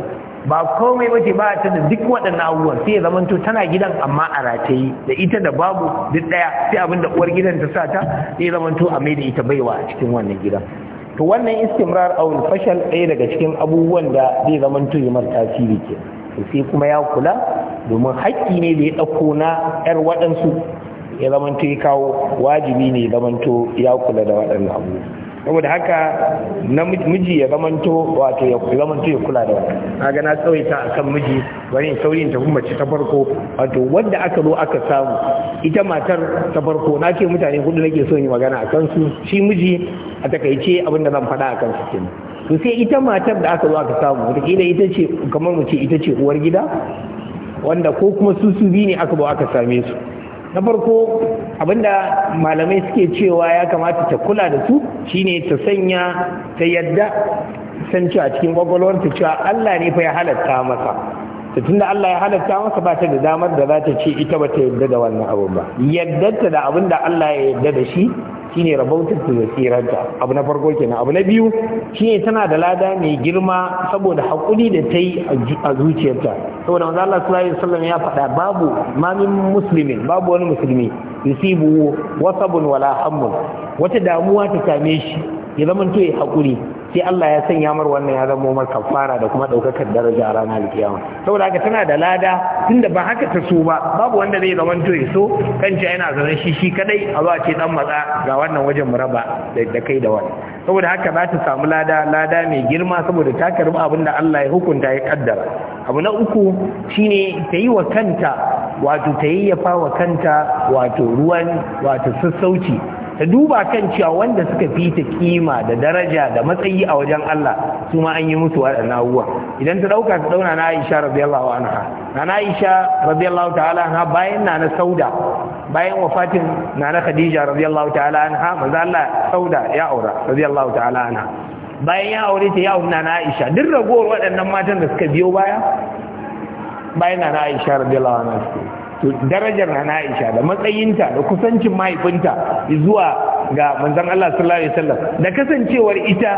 ba komai waje ba ta da duk waɗannan abubuwan sai ya zamanto tana gidan amma a rataye da ita da babu duk ɗaya sai abin da uwar gidan ta sa ta sai ya zamanto a mai da ita baiwa a cikin wannan gidan to wannan istimrar aul fashal ɗaya daga cikin abubuwan da zai zamanto ya mar tasiri ke sai kuma ya kula domin haƙƙi ne da ya ɗauko na ƴar waɗansu ya zamanto ya kawo wajibi ne ya zamanto ya kula da waɗannan abubuwan. saboda haka na miji ya zamanto wato ya zamanto ya kula da wannan kaga na tsawaita akan miji wani in saurin ta mace ta farko wato wanda aka zo aka samu ita matar ta farko na ce mutane hudu nake so yi magana a kansu shi miji a takaice abinda zan faɗa a kansu ke. to sai ita matar da aka zo aka samu wataƙila ita ce kamar mu ce ita ce uwar gida wanda ko kuma su su biyu ne aka zo aka same su na farko abinda malamai suke cewa ya kamata ta kula da su shine ta sanya ta yadda san cewa cikin ta cewa Allah ne fa ya halatta masa ta tunda Allah ya halatta masa ba ta da damar da za ta ce ita ba ta yadda da wannan abu ba yaddarta da abin da Allah ya yadda da shi shine rabautar su da tsirarta abu na farko kenan abu na biyu shi ne tana da lada mai girma saboda haƙuri da ta yi a zuciyarta saboda wanzu Allah sallallahu alaihi ya faɗa babu mamin musulmi babu wani musulmi yusibu wasabun wala hammun wata damuwa ta same shi ya zama to ya haƙuri sai Allah ya sanya mar wannan ya zama mar kafara da kuma ɗaukakar daraja a ranar kiyama. saboda haka tana da lada tunda ba haka ta so ba babu wanda zai zama to ya so kanci yana zaune shi shi kadai a zuwa ce dan matsa ga wannan wajen muraba da kai da wani saboda haka za ta samu lada lada mai girma saboda ta karbi abin da Allah ya hukunta ya kaddara abu na uku shine ta yi wa kanta wato ta fa wa kanta wato ruwan wato sassauci ta duba kan cewa wanda suka fi ta kima da daraja da matsayi a wajen Allah su ma an yi musu waɗannan abubuwa idan ta ɗauka ta ɗauna na Aisha radiyallahu anha na Aisha radiyallahu ta'ala anha bayan na na Sauda bayan wafatin na na Khadija radiyallahu ta'ala anha manzo Allah Sauda ya aura radiyallahu ta'ala anha bayan ya aure ta ya aure na Aisha duk ragowar waɗannan matan da suka biyo baya bayan na Aisha radiyallahu anha to darajar na Aisha da matsayinta da kusancin mahaifinta zuwa ga manzon Allah sallallahu alaihi wasallam da kasancewar ita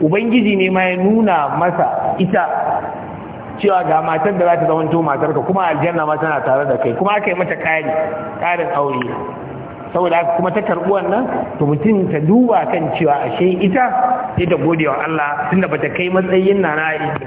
ubangiji ne ma ya nuna masa ita cewa ga matar da za ta zamanto matarka kuma aljanna ma tana tare da kai kuma aka yi mata kari karin aure saboda haka kuma ta karɓi wannan to mutum ta duba kan cewa ashe ita sai ta gode wa Allah tunda bata kai matsayin na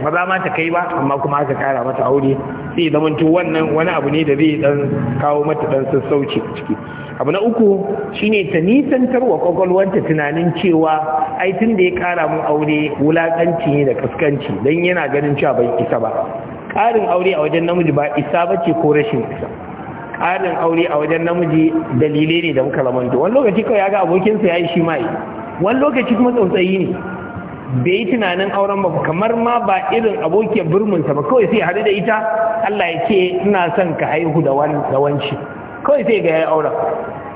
ba za ma ta kai ba amma kuma aka kara mata aure sai zaman to wannan wani abu ne da zai dan kawo mata dan sassauci ciki abu na uku shine ta nisantar wa kwakwalwanta tunanin cewa ai tun da ya kara mu aure wulakanci ne da kaskanci dan yana ganin cewa bai isa ba ƙarin aure a wajen namiji ba isa bace ko rashin isa alin aure a wajen namiji dalilai ne da muka zamanto wani lokaci kawai ya ga abokinsa ya yi shi mai wani lokaci kuma tsautsayi ne bai yi tunanin auren ba kamar ma ba irin abokiyar birminsa ba kawai sai haɗu da ita Allah ya ce ina son ka haihu da wanci kawai sai ga ya yi auren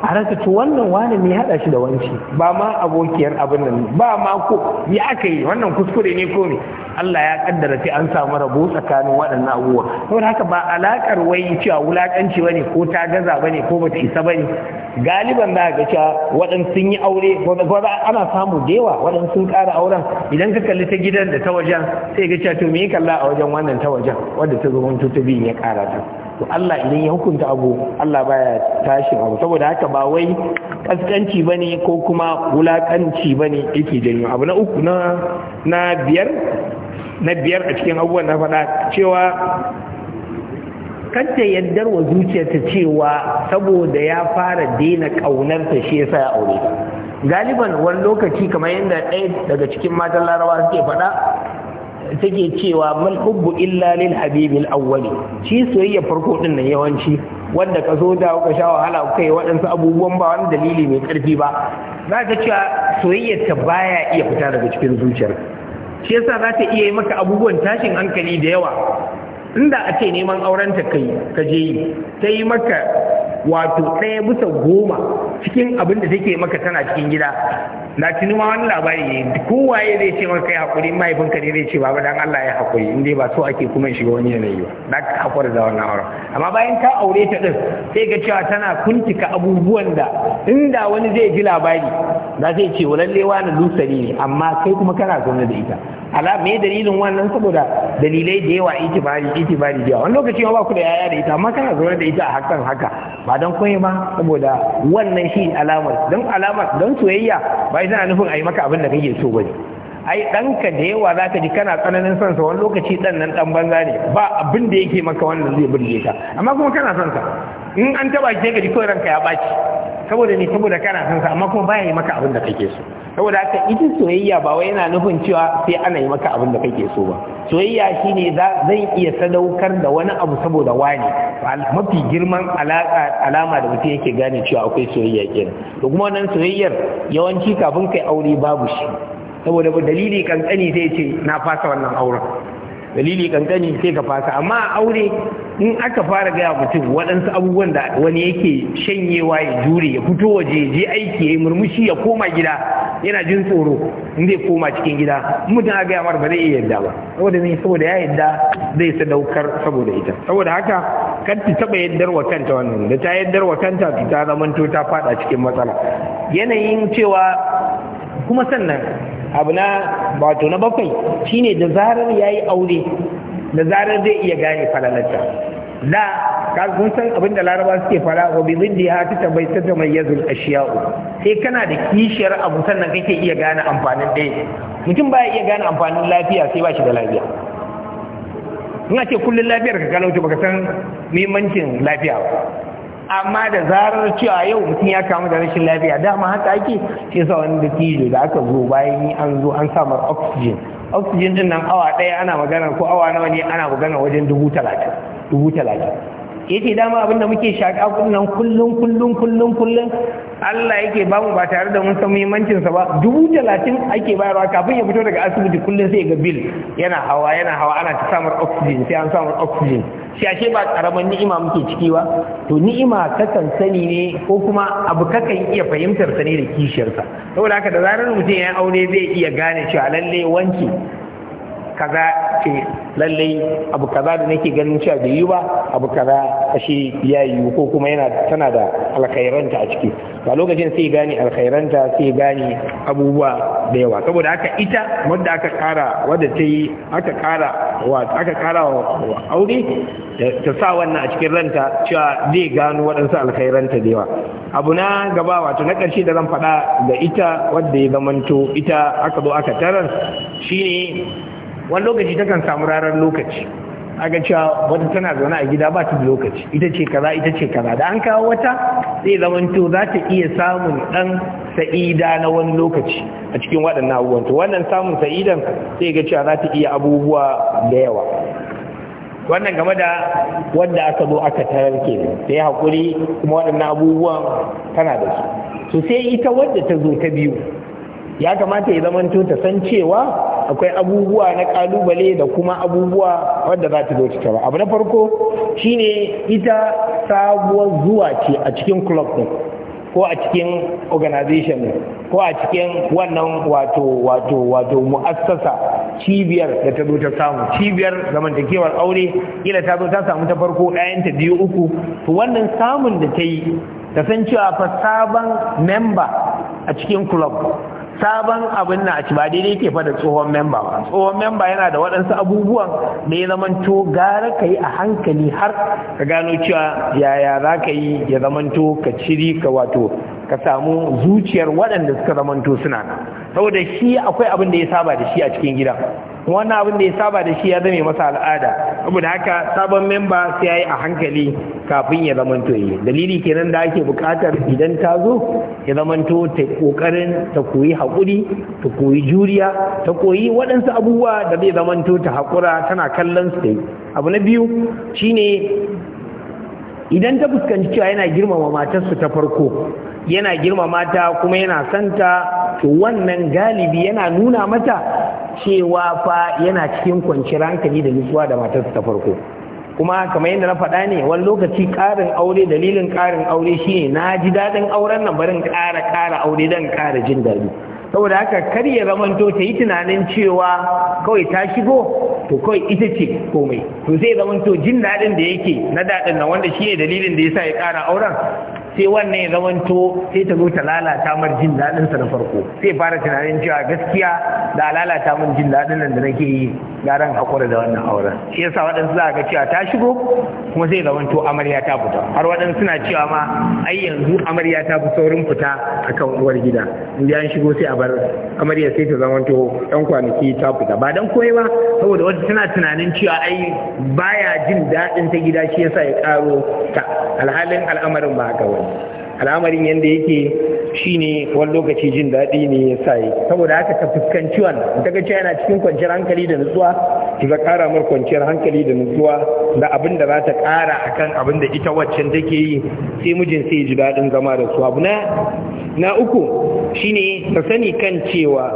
a rasa to wannan wani ne haɗa shi da wanci ba ma abokiyar abin nan ba ma ko ya aka yi wannan kuskure ne ko ne Allah ya kaddara sai an samu rabo tsakanin waɗannan abubuwa saboda haka ba alakar wai cewa wulakanci bane ko ta gaza bane ko bata isa bane galiban da ga cewa waɗansu sun yi aure ko ana samu dewa yawa waɗansu sun ƙara auren idan ka kalli ta gidan da ta wajen sai ga cewa to me ya kalla a wajen wannan ta wajen wanda ta zo mun ta biyun ya ƙara ta to Allah idan ya hukunta abu Allah baya tashin abu saboda haka ba wai kaskanci bane ko kuma wulakanci bane yake janyo abu na uku na na biyar na biyar a cikin abubuwan na faɗa cewa kanta yaddar wa zuciyarta cewa saboda ya fara daina ƙaunarta shi yasa ya aure galiban wani lokaci kamar yadda ɗaya daga cikin matan larawa suke faɗa take cewa man hubbu illa lil habibil awwali shi soyayya farko din nan yawanci wanda ka so da ka sha wahala kai waɗansu abubuwan ba wani dalili mai ƙarfi ba za ka cewa soyayyar ta baya iya fita daga cikin zuciyar shi yasa za ta iya yi maka abubuwan tashin hankali da yawa inda a ce neman auren ta kai ka je yi ta yi maka wato ɗaya bisa goma cikin abin da take maka tana cikin gida na tuni ma wani labari ne kowaye zai ce maka kai hakuri mahaifinka ne zai ce ba dan Allah ya hakuri in dai ba so ake kuma shiga wani yanayi ba na hakura da wannan auren amma bayan ka aure ta din sai ga cewa tana kuntika abubuwan da inda wani zai ji labari za zai ce lalle wani lusari ne amma kai kuma kana zaune da ita ala me dalilin wannan saboda dalilai da yawa itibari itibari da wani lokaci ba ku da yaya da ita amma kana zaune da ita a hakan haka ba ba don kwaye ma saboda wannan shi alamar don alamar don soyayya ba tana nufin a yi maka abin da kake so ne. ai ɗanka da yawa za ka ji kana tsananin son sa wani lokaci ɗan nan ɗan banza ne ba abin da yake maka wannan zai burge ka amma kuma kana son sa in an taba ki ka ji kawai ranka ya baci saboda ne saboda kana son sa amma kuma baya yi maka abin da kake so saboda haka ita soyayya ba wai yana nufin cewa sai ana yi maka abin da kake so ba soyayya shine za zan iya sadaukar da wani abu saboda wani mafi girman alama da mutum yake gane cewa akwai soyayya kenan to kuma wannan soyayyar yawanci kafin kai aure babu shi saboda dalili kankani zai ce na fasa wannan auren dalili kankani sai ka fasa amma aure in aka fara gaya mutum waɗansu abubuwan da wani yake shanyewa ya jure ya fito waje je aiki ya yi murmushi ya koma gida yana jin tsoro in zai koma cikin gida mutum a gaya mar ba zai iya yadda ba saboda ne saboda ya yadda zai sadaukar saboda ita saboda haka kar ta taba yaddar wa kanta wannan da ta yaddar wa kanta ta zamanto ta fada cikin matsala yanayin cewa kuma sannan abu na wato na bakwai shine da zarar ya yi aure da zarar zai iya gane falalarta da ka san abin da laraba suke fara wa bi ya ta tabbai ta a ashiya'u sai kana da kishiyar abu sannan kake iya gane amfanin ɗaya mutum baya iya gane amfanin lafiya sai ba shi da lafiya ina ce kullum lafiyar ka kalau baka san muhimmancin lafiya ba amma da zarar cewa yau mutum ya kamu da rashin lafiya dama haka ake shi sa wani tijo da aka zo bayan an zo an samar oxygen oxygen din nan awa ɗaya ana magana ko awa nawa ne ana magana wajen dubu talatin dubu talatin yace dama abinda muke shaka kullun kullum kullun kullun kullun Allah yake ba mu ba tare da mun san muhimmancin sa ba dubu talatin ake bayarwa kafin ya fito daga asibiti kullum sai ga bil yana hawa yana hawa ana ta samun oxygen sai an samun oxygen shi ashe ba karaman ni'ima muke ciki ba to ni'ima kakan sani ne ko kuma abu kakan iya fahimtar sa ne da kishiyarsa saboda haka da zarar mutum ya aure zai iya gane cewa lalle wanke kaza ce lallai abu kaza da nake ganin cewa bai yi ba abu kaza ashe ya yi ko kuma yana tana da alkhairanta a ciki ba lokacin sai gane alkhairanta sai gane abubuwa da yawa saboda haka ita wadda aka kara wadda ta yi aka kara wa aka kara wa aure ta sa wannan a cikin ranta cewa zai gano waɗansu alkhairanta da yawa abu na gaba wato na ƙarshe da zan faɗa ga ita wadda ya zamanto ita aka zo aka tarar shine wani lokaci takan samu ranar lokaci ga cewa wata tana zaune a gida ba ta da lokaci ita ce kaza ita ce kaza da an kawo wata zai zamanto za ta iya samun dan sa'ida na wani lokaci a cikin waɗannan abubuwan to wannan samun sa'idan sai ga cewa za ta iya abubuwa da yawa wannan game da wanda aka zo aka tarar ke sai hakuri kuma waɗannan abubuwan tana da su Sosai sai ita wadda ta zo ta biyu ya kamata ya zamanto ta san cewa akwai abubuwa na kalubale da kuma abubuwa wadda za ta zo ba. abu na farko shine ita sabuwar zuwa ce a cikin club din ko a cikin organization ko a cikin wannan wato wato wato mu'assasa cibiyar da ta zo ta samu cibiyar zamantakewar aure kila ta zo ta samu ta farko ɗayanta ta biyu uku to wannan samun da ta yi ta san cewa fa sabon member a cikin club sabon abin na ci ba daidai ke fada tsohon memba ba tsohon memba yana da waɗansu abubuwan da ya zamanto gara ka yi a hankali har ka gano cewa yaya za ka yi ya zamanto ka ciri ka wato ka samu zuciyar waɗanda suka zamanto suna nan saboda shi akwai abin da ya saba da shi a cikin gidan wannan abin da ya saba da shi ya zame masa al'ada saboda haka sabon memba sai ya yi a hankali kafin ya zamanto yi dalili kenan da ake buƙatar idan ta zo ya zamanto ta ƙoƙarin ta koyi hakuri ta koyi juriya ta koyi waɗansu abubuwa da zai zamanto ta hakura tana kallon su abu na biyu shine idan ta fuskanci cewa yana girmama matarsa ta farko yana girmama ta kuma yana santa to wannan galibi yana nuna mata cewa fa yana cikin kwanciyar hankali da nutsuwa da matarsa ta farko kuma kamar yadda na faɗa ne wani lokaci ƙarin aure dalilin ƙarin aure shine na ji daɗin auren nan barin ƙara ƙara aure don ƙara jin daɗi saboda haka kar ya zamanto ta yi tunanin cewa kawai ta shigo to kawai ita ce komai to sai zamanto jin daɗin da yake na daɗin na wanda shi ne dalilin da ya sa ya ƙara auren sai wannan ya zamanto sai ta zo ta lalata mar jin daɗin sa na farko sai fara tunanin cewa gaskiya da lalata min jin daɗin nan da nake yi ran hakura da wannan auren shi yasa waɗansu za ga cewa ta shigo kuma sai zamanto amarya ta fita har waɗansu suna cewa ma ai yanzu amarya ta fi saurin fita akan uwar gida in an shigo sai a bar amarya sai ta zamanto ɗan kwanaki ta fita ba dan koyi ba saboda wata tana tunanin cewa ai baya jin daɗin ta gida shi yasa ya ƙaro ta alhalin al'amarin ba haka wani al'amarin yadda yake shi ne wani lokaci jin daɗi ne ya sa saboda haka ka fuskanci wannan daga cewa yana cikin kwanciyar hankali da nutsuwa ki ga ƙara mar kwanciyar hankali da nutsuwa da abin da za ta ƙara a kan abin da ita waccan take yi sai mijin sai ji daɗin zama da su abu na uku shi ne ta sani kan cewa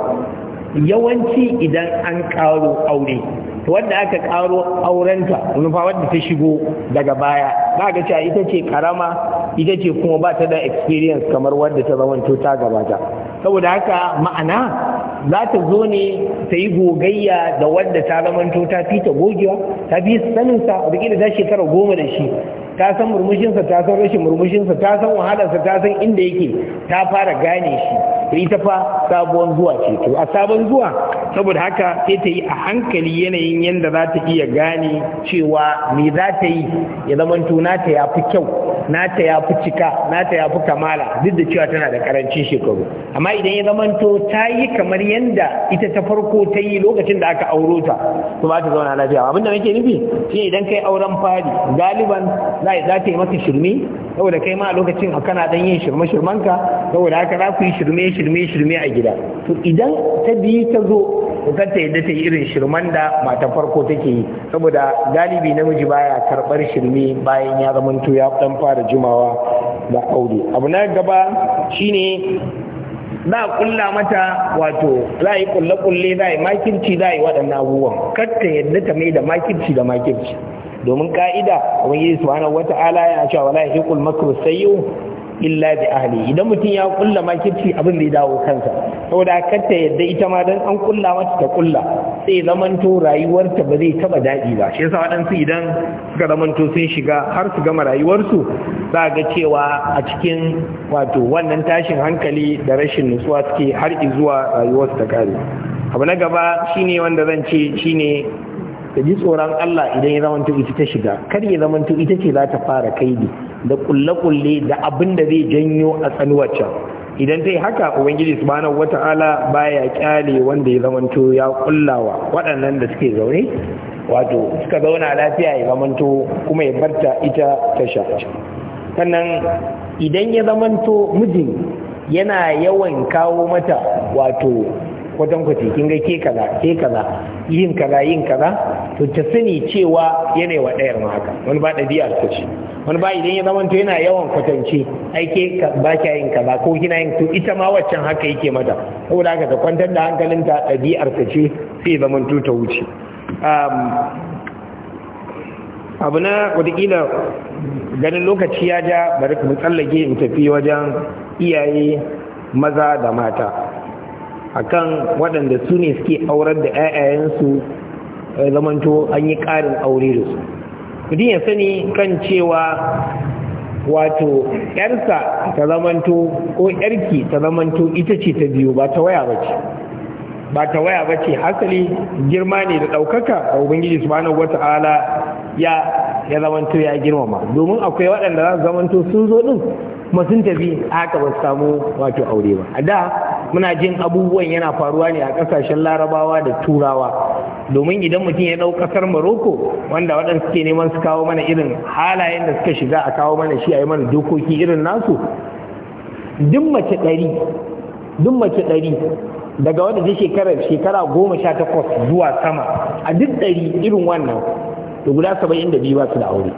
yawanci idan an ƙaro aure wadda aka karo aurenta nufa wadda ta shigo daga baya ba ga cewa ita ce karama ita ce kuma ba ta da experience kamar wadda ta zamanto ta gabata saboda haka ma'ana za ta zo ne ta yi gogayya da wadda ta zamanto ta fi ta gogewa ta fi saninsa a da ta shekara goma da shi ta san murmushinsa ta san rashin murmushinsa ta san wahalarsa ta san inda yake ta fara gane shi ita fa sabuwar zuwa ce to a sabon zuwa saboda haka sai ta yi a hankali yanayin yadda za ta iya gane cewa me za ta yi ya zamanto ta ya fi kyau na ta ya fi cika na ta ya fi kamala duk da cewa tana da karancin shekaru amma idan ya zamanto ta yi kamar yadda ita ta farko ta yi lokacin da aka auro ta to ba ta zauna lafiya abin da nake nufi shi idan kai auren fari galiban za za ta yi maka shirme saboda kai ma a lokacin a kana dan yin shirme shirmanka saboda haka za ku yi shirme shirme shirme a gida to idan ta biyu ta zo kar ta yadda ta yi irin shirman da mata farko take yi saboda galibi namiji baya karbar shirme bayan ya to ya dan fara jimawa da aure abu na gaba shine za a kulla mata wato za a yi kulle-kulle za a yi makirci za a yi waɗannan abubuwan kar ta yadda ta mai da makirci da makirci domin ka'ida ubangiji subhanahu wata'ala yana cewa wala yahiqul makru sayyi'u illa bi ahli idan mutum ya kulla makirci abin da ya dawo kansa saboda kar ta yadda ita ma dan an kulla mata ta kulla sai zamanto rayuwarta ba zai taba daɗi ba shi yasa waɗansu idan suka zamanto sun shiga har su gama rayuwarsu za ga cewa a cikin wato wannan tashin hankali da rashin nutsuwa suke har zuwa rayuwarsu ta kare abu na gaba shine wanda zan ce shine ta ji tsoron Allah idan ya zamanta ita ta shiga kar ya zamanta ita ce za ta fara kaidi da kulle-kulle da abin da zai janyo a tsanuwar can idan ta yi haka ubangiji subhanahu wata'ala baya kyale wanda ya zamanto ya kullawa waɗannan da suke zaune wato suka zauna lafiya ya zamanto kuma ya barta ita ta shafa sannan idan ya zamanto mijin yana yawan kawo mata wato wajen kin ga ke kaza ke kaza yin kaza yin kaza to ta sani cewa yanayi wa ɗayar ma haka wani ba ɗabi'ar ta ce wani ba idan ya zama to yana yawan kwatance aike ba kya yin kaza ko kina yin to ita ma waccan haka yake mata saboda haka ta kwantar da hankalin ta ɗabi'ar ta ce sai zama ta wuce abu na wadakila ganin lokaci ya ja bari mu tsallake in tafi wajen iyaye maza da mata akan waɗanda su ne suke aurar da 'ya'yayensu zamanto an yi ƙarin aure da su kudin ya sani kan cewa wato yarsa ta zamanto ko yarki ta zamanto ita ce ta biyu ba ta waya bace ba ta waya bace hasali girma ne da ɗaukaka a ubangiji subhanahu wata'ala ala ya zamanto ya girmama domin akwai waɗanda za su zamanto sun zo ɗin kuma sun tafi haka ba su samu wato aure ba a da muna jin abubuwan yana faruwa ne a kasashen larabawa da turawa domin idan mutum ya ɗau kasar maroko wanda waɗanda suke neman su kawo mana irin halayen da suka shiga a kawo mana shi a yi mana dokoki irin nasu duk mace ɗari duk mace ɗari daga wanda ta shekara shekara goma sha takwas zuwa sama a duk ɗari irin wannan to guda saba'in da biyu ba su da aure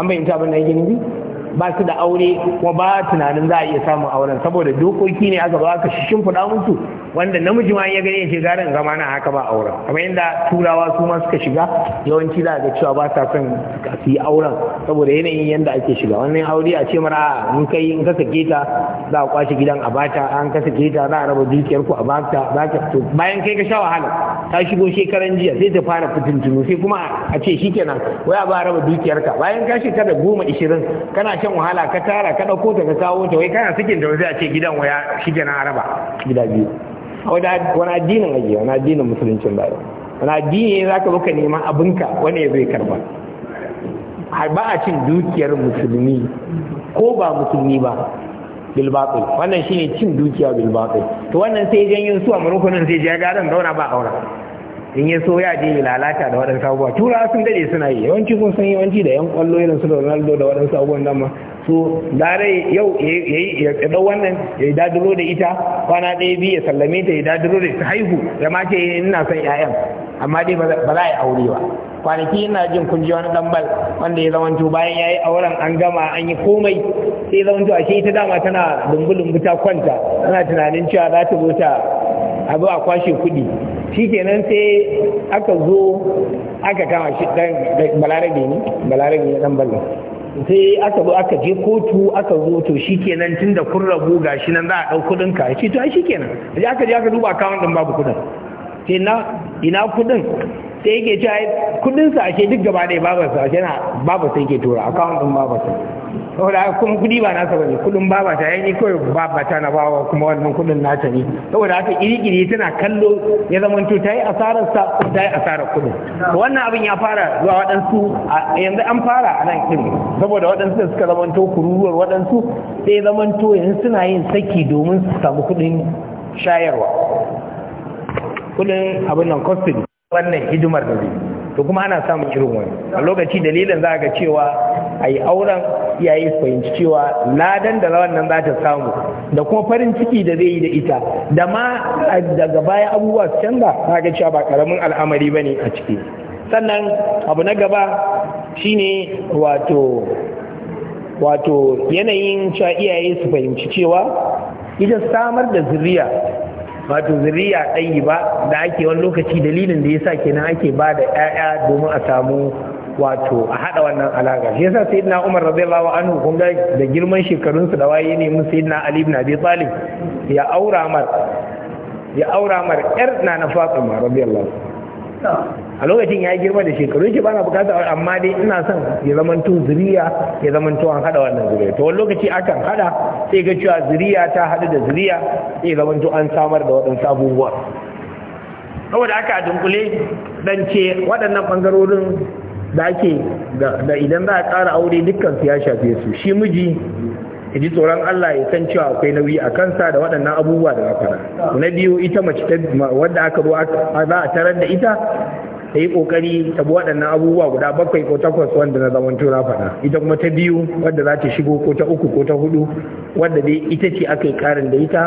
an bayyanta abin da ya gini biyu ba su da aure kuma ba tunanin za a iya samun auren saboda dokoki ne aka ka shishin shimfiɗa musu wanda namiji ma ya gani ya ce garin zama na haka ba auren kamar yadda turawa su ma suka shiga yawanci za ga cewa ba sa son su yi auren saboda yanayin yadda ake shiga wannan aure a ce mara in kai in ka ka ta za a kwashe gidan a bata an kasa ta za a raba dukiyar ku a bata za ka to bayan kai ka sha wahala ta shigo shekaran jiya sai ta fara fitintunu sai kuma a ce shikenan a ba raba dukiyar ka bayan ka shekara goma ishirin kana shan wahala ka tara ka ɗauko ta ka kawo ta wai kana sakin da sai a ce gidan waya shikenan a raba gida biyu wani addinin ajiye wani addinin musuluncin bayan wani addini ne za ka zo ka nema abinka wani ya zai karba ba a cin dukiyar musulmi ko ba musulmi ba bil wannan shine cin dukiya bil to wannan sai ya janyo su a rukunin sai ya ga dan zauna ba aura in ya so ya je lalata da waɗansu abubuwa tura sun dade suna yi yawanci kun san yawanci da yan kwallo irin su da ronaldo da waɗansu abubuwan nan ma so dare yau ya ɗau wannan ya yi dadiro da ita kwana ɗaya biyu ya sallame ta ya dadiro da ta haihu ya ma ce eh, ina son 'ya'yan amma dai ba za a yi aure ba kwanaki ina jin kun ji wani ɗanbal wanda ya zamanto bayan ya yi auren an gama an yi komai sai zamanto ashe ita dama tana dumbu-dumbu ta kwanta tana tunanin cewa za ta zo ta a zo a kwashe kuɗi shikenan sai aka zo aka kama shi dan balarabe ne balarabe ne dan ballo sai aka zo aka je kotu aka zo to shikenan tunda kun rabu gashi nan za a ɗau kuɗin ka shi to ai shikenan sai aka je aka duba akawun din babu kuɗin sai na ina kuɗin sai yake cewa kuɗin sa ashe duk gaba ɗaya babu sa ashe na babu sai yake tura akawun din babu sa saboda kuma kudi ba nasa bane kudin ba ta yayi kawai ba ta na bawa kuma wannan kudin ta ne saboda haka kirikiri tana kallo ya zamanto ta yi asarar sa ta asarar kudin wannan abin ya fara zuwa waɗansu yanzu an fara a nan ɗin saboda waɗansu da suka to kururuwar waɗansu sai to yanzu suna yin saki domin su samu kudin shayarwa kudin abin nan custody wannan hidimar da zai to kuma ana samun irin wani a lokaci dalilin za a ga cewa a yi auren iyaye su fahimci cewa ladan da wannan za ta samu da kuma farin ciki da zai yi da ita da ma daga baya abubuwa su canza za ga cewa ba karamin al'amari ba ne a ciki sannan abu na gaba shine wato wato yanayin cewa iyaye su fahimci cewa ita samar da zuriya wato zuriya ɗayi ba da ake wani lokaci dalilin da ya yasa kenan ake ba da 'ya'ya domin a samu wato a haɗa wannan alaƙa shi yasa sayyidina Umar radiyallahu anhu kun ga da girman shekarun da waye ne mun sayyidina Ali ibn Abi Talib ya aura mar ya aura mar ƴar na na Fatima radiyallahu a lokacin ya girma da shekaru yake bana bukata amma dai ina son ya zama tun zuriya ya zama an hada wannan zuriya to wani lokaci akan hada sai ga cewa zuriya ta hadu da zuriya sai zama tun an samar da waɗansu abubuwa saboda aka dunkule dan ce waɗannan bangarorin da ake da idan za a ƙara aure dukkan su ya shafe su shi miji ya ji tsoron Allah ya san cewa akwai nauyi a kansa da waɗannan abubuwa da na fara na biyu ita mace wadda aka zo za a tarar da ita ta yi kokari ta bi waɗannan abubuwa guda bakwai ko takwas wanda na zaman tura faɗa ita kuma ta biyu wadda za ta shigo ko ta uku ko ta hudu wadda dai ita ce aka yi karin da ita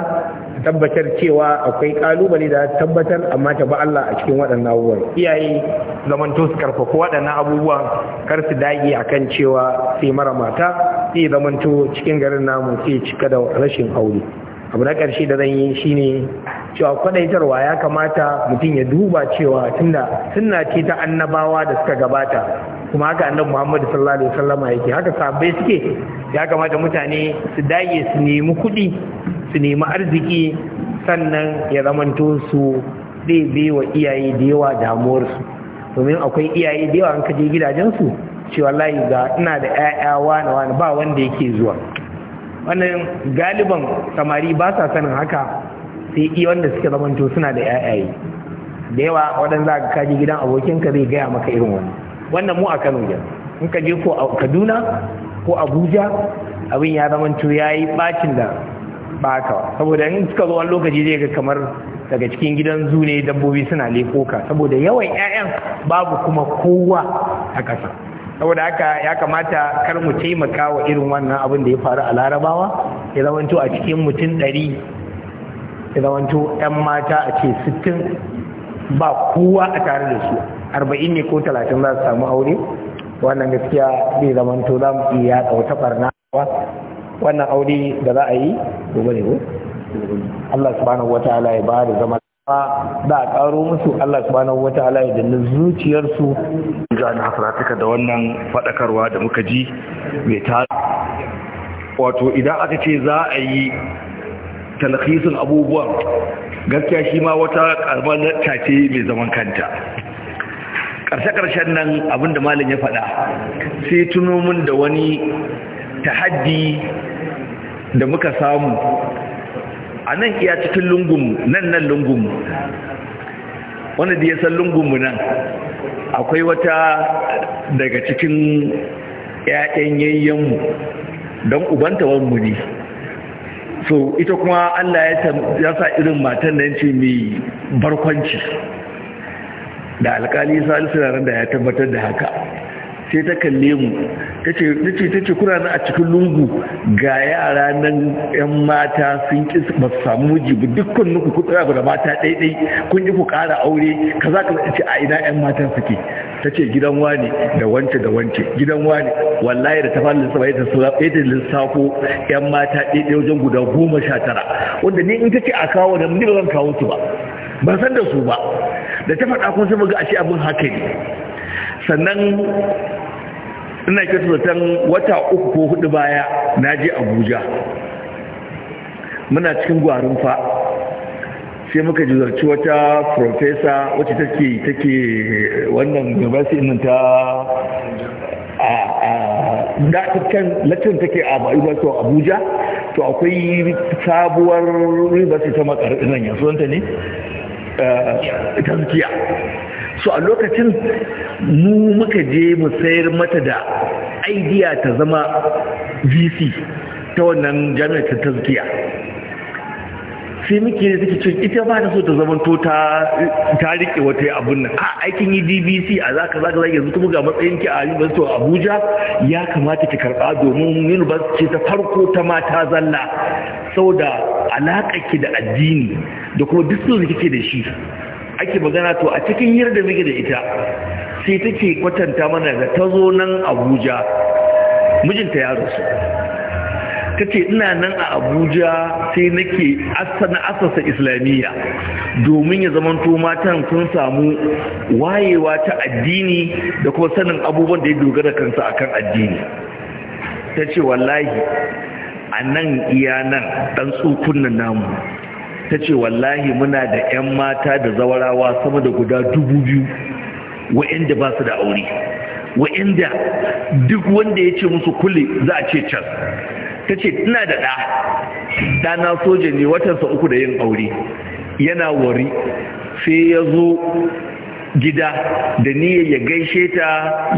tabbatar cewa akwai kalubale da tabbatar amma ta ba Allah a cikin waɗannan abubuwan iyaye zaman to su karfafa waɗannan abubuwan kar su dage akan cewa sai mara mata sai zamanto cikin garin namu sai cika da rashin aure abu na ƙarshe da zan yi shine cewa kwadaitarwa ya kamata mutum ya duba cewa tunda sunna ce ta annabawa da suka gabata kuma haka annabi muhammadu sallallahu alaihi wasallama yake haka sahabbai suke ya kamata mutane su dage su nemi kuɗi su nemi arziki sannan ya zamanto su zai wa iyaye da yawa damuwarsu domin akwai iyaye da yawa an kaje gidajensu cewa layi ga ina da 'ya'ya wani wani ba wanda yake zuwa wannan galiban samari ba sa sanin haka sai iya wanda suke zamanto suna da yayaye da yawa waɗanda za ka kaji gidan abokinka zai gaya maka irin wani wannan mu a kano ne in ka je ko a kaduna ko abuja abin ya zamanto ya yi bacin da ba ka saboda in suka zo wani lokaci zai ga kamar daga cikin gidan zu ne dabbobi suna lekoka saboda yawan 'ya'yan babu kuma kowa a kasa. saboda haka ya kamata kar mu taimaka wa irin wannan abin da ya faru a larabawa ya zamanto a cikin mutum ɗari ya zamanto 'yan mata a ce sittin ba kowa a tare da su arba'in ne ko talatin za su samu aure wannan gaskiya bai zamanto za mu iya yaɗa wata barna wannan aure da za a yi gobe ne Allah subhanahu ta'ala ya ba da zama za a karo musu Allah subhanahu wataala ya danna zuciyarsu ga na hafratuka da wannan fadakarwa da muka ji mai ta wato idan aka ce za a yi talakisin abubuwan gaskiya shi ma wata karbar tace mai zaman kanta karshe-karshen nan abinda malin ya faɗa sai tuno min da wani tahaddi da muka samu a nan iya cikin lungunmu nan nan lungunmu wanda da ya san lungunmu nan akwai wata daga cikin 'ya'yan mu don ubanta wanmu ne so ita kuma Allah ya sa irin matan nan ce mai barkwanci da alkali salisu da ya tabbatar da haka sai ta kalle mu ta ce kuna na a cikin lungu ga yara nan 'yan mata sun ki ba su samu miji ba dukkan nuku ku tsaya da mata ɗaiɗai kun ji ku ƙara aure ka za ka ce a ina 'yan mata suke ta ce gidan wani da wance da wance gidan wani wallahi da ta fara lissafa ta lissafo 'yan mata ɗaiɗai wajen guda goma sha tara wanda ni in ta a kawo da ni ba kawo su ba ba san da su ba da ta faɗa kun sai muga ashe abin haka ne sannan ina kyautu zaton wata uku ko hudu baya na je abuja muna cikin gwarin fa sai muka jizarci wata profesa wacce take take wannan university nan ta a da kan latin take a university to abuja to akwai sabuwar university ta makarar nan yanzu ne eh, tazkiya so a lokacin mu muka je mu sayar mata da idea ta zama vc ta wannan jami'ar ta tazkiya sai muke da take cewa ita ba ta so ta zama to ta ta wata abun nan a aikin yi DBC a zaka zaka zaka yanzu kuma ga matsayin ki a University Abuja ya kamata ki karba domin university ta farko ta mata zalla saboda alaƙa ki da addini da kuma discipline da kike da shi ake magana to a cikin da muke da ita sai take kwatanta mana da ta nan abuja mijinta ya rasu ta ina nan a abuja sai nake asana asasa islamiyya domin ya zamanto matan sun samu wayewa ta addini da kuma sanin abubuwan da ya dogara kansa akan addini tace wallahi a nan iya nan ɗan tsukun namu ta ce wallahi muna da 'yan mata da zawarawa sama da guda dubu biyu wa'inda ba su da aure wa'inda duk wanda ya ce musu kulle za a ce can ta ce ina da ɗa ɗana soja ne watansa uku da yin aure yana wari sai ya zo gida da niyyar ya gaishe ta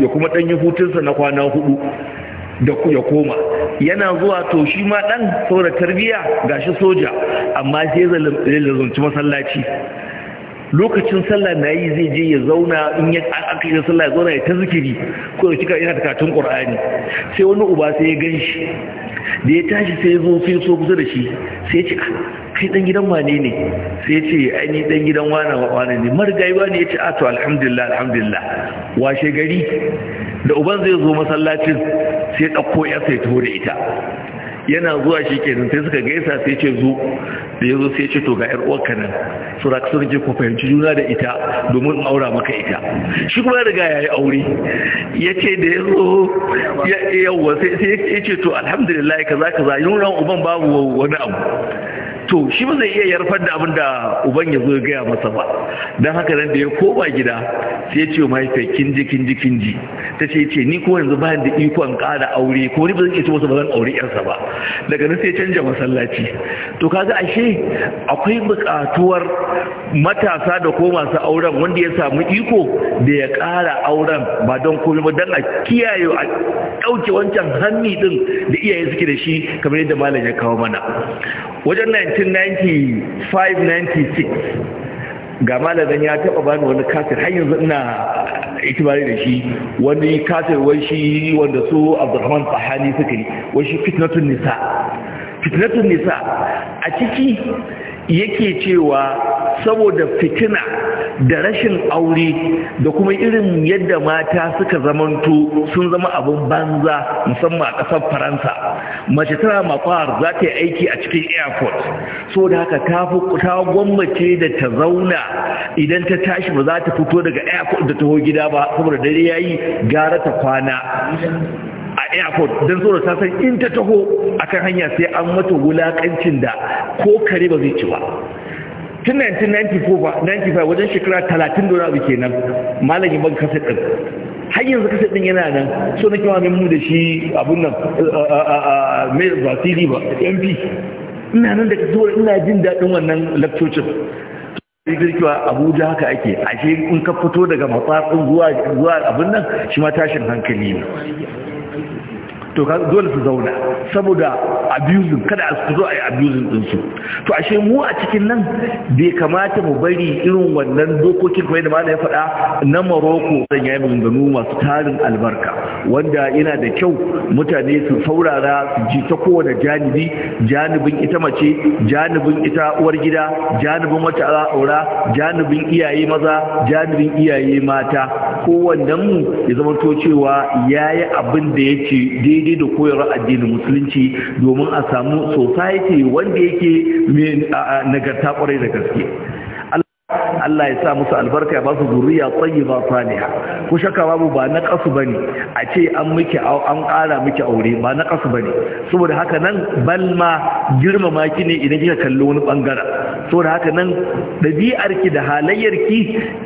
ya kuma ɗanyi hutunsa na kwana hudu da ku ya koma yana zuwa to shi ma dan saboda tarbiya gashi soja amma sai zalunci masallaci lokacin sallah na yi zai je ya zauna in ya aka yi sallah ya zauna ya ta zikiri ko ya cika ina da katun qur'ani sai wani uba sai ya ganshi da ya tashi sai ya zo sai so kusa da shi sai ya ce ah, kai dan gidan wane ne sai ya ce ai ni dan gidan wane ne marigayi wane ya ce a ah, alhamdulillah alhamdulillah washe gari da uban zai zo masallacin sai ɗauko ya sai taho da ita yana zuwa shi ke sai suka gaisa sai ce zo da ya zo sai ce to ga yar uwarka nan su raka su je ku fahimci juna da ita domin aura maka ita shi kuma riga ya yi aure ya ce da ya zo ya sai ce to alhamdulillah kaza kaza yi nuna uban babu wani abu to shi ba zai iya yarfar da abin da uban ya zo ya gaya masa ba don haka nan da ya koma gida sai ya ce wa mahaifiyar kinji kinji kinji ta ce ce ni ko yanzu bayan da ikon ƙara aure ko ni ba zan iya ci masa ba zan aure yarsa ba daga nan sai canja masallaci to kaga ashe akwai bukatuwar matasa da ko masu auren wanda ya samu iko da ya kara auren ba don komai ba don a kiyaye a ɗauke wancan hanni din da iyaye suke da shi kamar yadda malam ya kawo mana wajen 1995 96 ga maladan ya taba bani wani kasir har yanzu ina itibari da shi wani kasir wani shi wanda su abdurrahman fahani suka yi wani fitnatun nisa fitnatun nisa a ciki yake cewa saboda fitina da rashin aure da kuma irin yadda mata suka zamanto sun zama abin banza musamman a ƙasar faransa mace tana makwar za ta yi aiki a cikin airport so da haka ta ta gwammace da ta zauna idan ta tashi ba za ta fito daga airport da taho gida ba saboda dare yi gara ta kwana a airport don saboda ta san in ta taho akan hanya sai an mata wulaƙancin da ko kare ba zai ci ba tun 1994 wajen shekara 30 dora abu kenan malamin ban kasa ɗin har yanzu kasa ɗin yana nan so na kewa mu da shi abun nan eh, eh, eh, mai vasili ba mp ina nan da ka zuwa ina jin daɗin wannan lakcocin cewa abuja haka ake ashe in ka fito daga matsatsin zuwa abin nan shi ma tashin hankali ne to dole su zauna saboda abusing kada a zo a yi abusing ɗinsu to ashe mu a cikin nan bai kamata mu bari irin wannan dokokin kuma yadda mana ya faɗa na maroko zan yi maganganu masu tarin albarka wanda yana da kyau mutane su saurara su ji ta kowane janibi janibin ita mace janibin ita uwar gida janibin wata aura janibin iyaye maza janibin iyaye mata kowannen mu ya zama to cewa yayi abin da yake daidai daidai da koyarwa addinin musulunci domin a samu society wanda yake nagarta kwarai da gaske Allah ya sa musu albarka ya ba su zuriya tayyiba saliha ku shaka babu ba na kasu bane a ce an miki an ƙara miki aure ba na kasu bane saboda haka nan balma girmama ki ne idan kika kalli wani bangara saboda haka nan dabi'ar ki da halayyar ki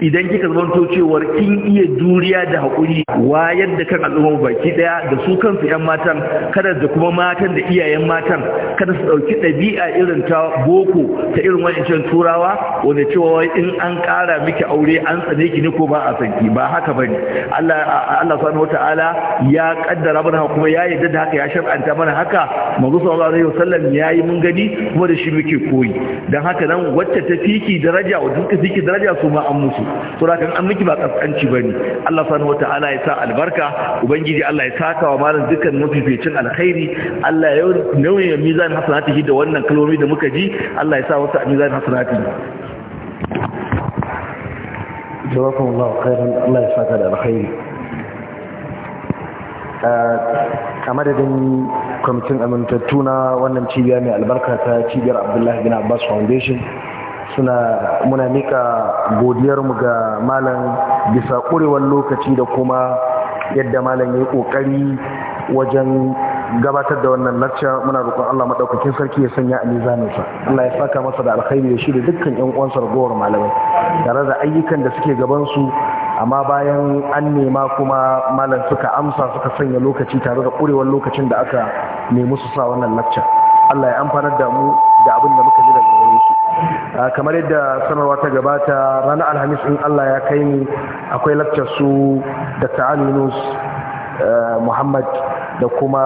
idan kika to cewar kin iya duriya da hakuri wayar da kan al'umma baki daya da su kansu yan matan kada da kuma matan da iyayen matan kada su ɗauki ɗabi'a irin ta boko ta irin wani turawa wanda cewa in an ƙara miki aure an tsane ki ne ko ba a sanki ba haka bane Allah Allah subhanahu wataala ya kaddara mana kuma ya yarda da haka ya shar'anta mana haka manzo sallallahu alaihi wasallam yayi mun gani kuma da shi muke koyi dan haka nan wacce ta fiki daraja wa duka fiki daraja su ma an musu to haka an miki ba kaskanci bane Allah subhanahu wataala ya sa albarka ubangiji Allah ya saka wa malam dukkan mafificin alkhairi Allah ya nauyin mizan hasanatihi da wannan kalmomi da muka ji Allah ya sa wasu a mizan hasanatihi جواكم الله خيرا الله يسعدك saka da eh, a madadin kwamitin amintattu na wannan cibiya mai albarka ta cibiyar abdullahi bin abbas foundation suna muna mika godiyarmu ga malam bisa ƙurewar lokaci da kuma yadda malam ya yi ƙoƙari wajen gabatar da wannan lacca muna roƙon Allah madaukakin sarki ya sanya a mizaninsa Allah ya saka masa da alkhairi ya shirya da dukkan ƴan uwansa ragowar malamai tare da ayyukan da suke gaban su amma bayan an nema kuma malam suka amsa suka sanya lokaci tare da ƙurewar lokacin da aka nemi su sa wannan lacca Allah ya amfanar da mu da abin da muka ji daga gare su ah, kamar yadda sanarwa ta gabata ranar alhamis in Allah ya kai ni akwai laccar su da Yunus eh, Muhammad da kuma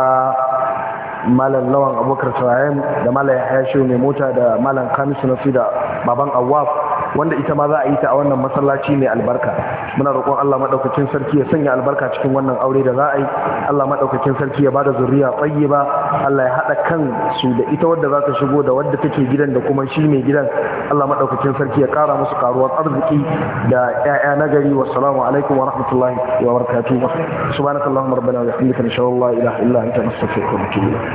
malam lawan abokar sarayen da malam ya shehu mai mota da malam kamisu na da baban awaf wanda ita ma za a yi ta a wannan masallaci mai albarka muna roƙon Allah madaukakin sarki ya sanya albarka cikin wannan aure da za a yi Allah madaukakin sarki ya bada zuriya ba. Allah ya haɗa kan su da ita wadda za ta shigo da wadda take gidan da kuma shi mai gidan Allah madaukakin sarki ya ƙara musu karuwar arziki da ƴaƴa na gari wassalamu alaikum wa rahmatullahi wa barakatuh subhanakallahumma rabbana wa bihamdika nashhadu an la ilaha illa anta nastaghfiruka wa natubu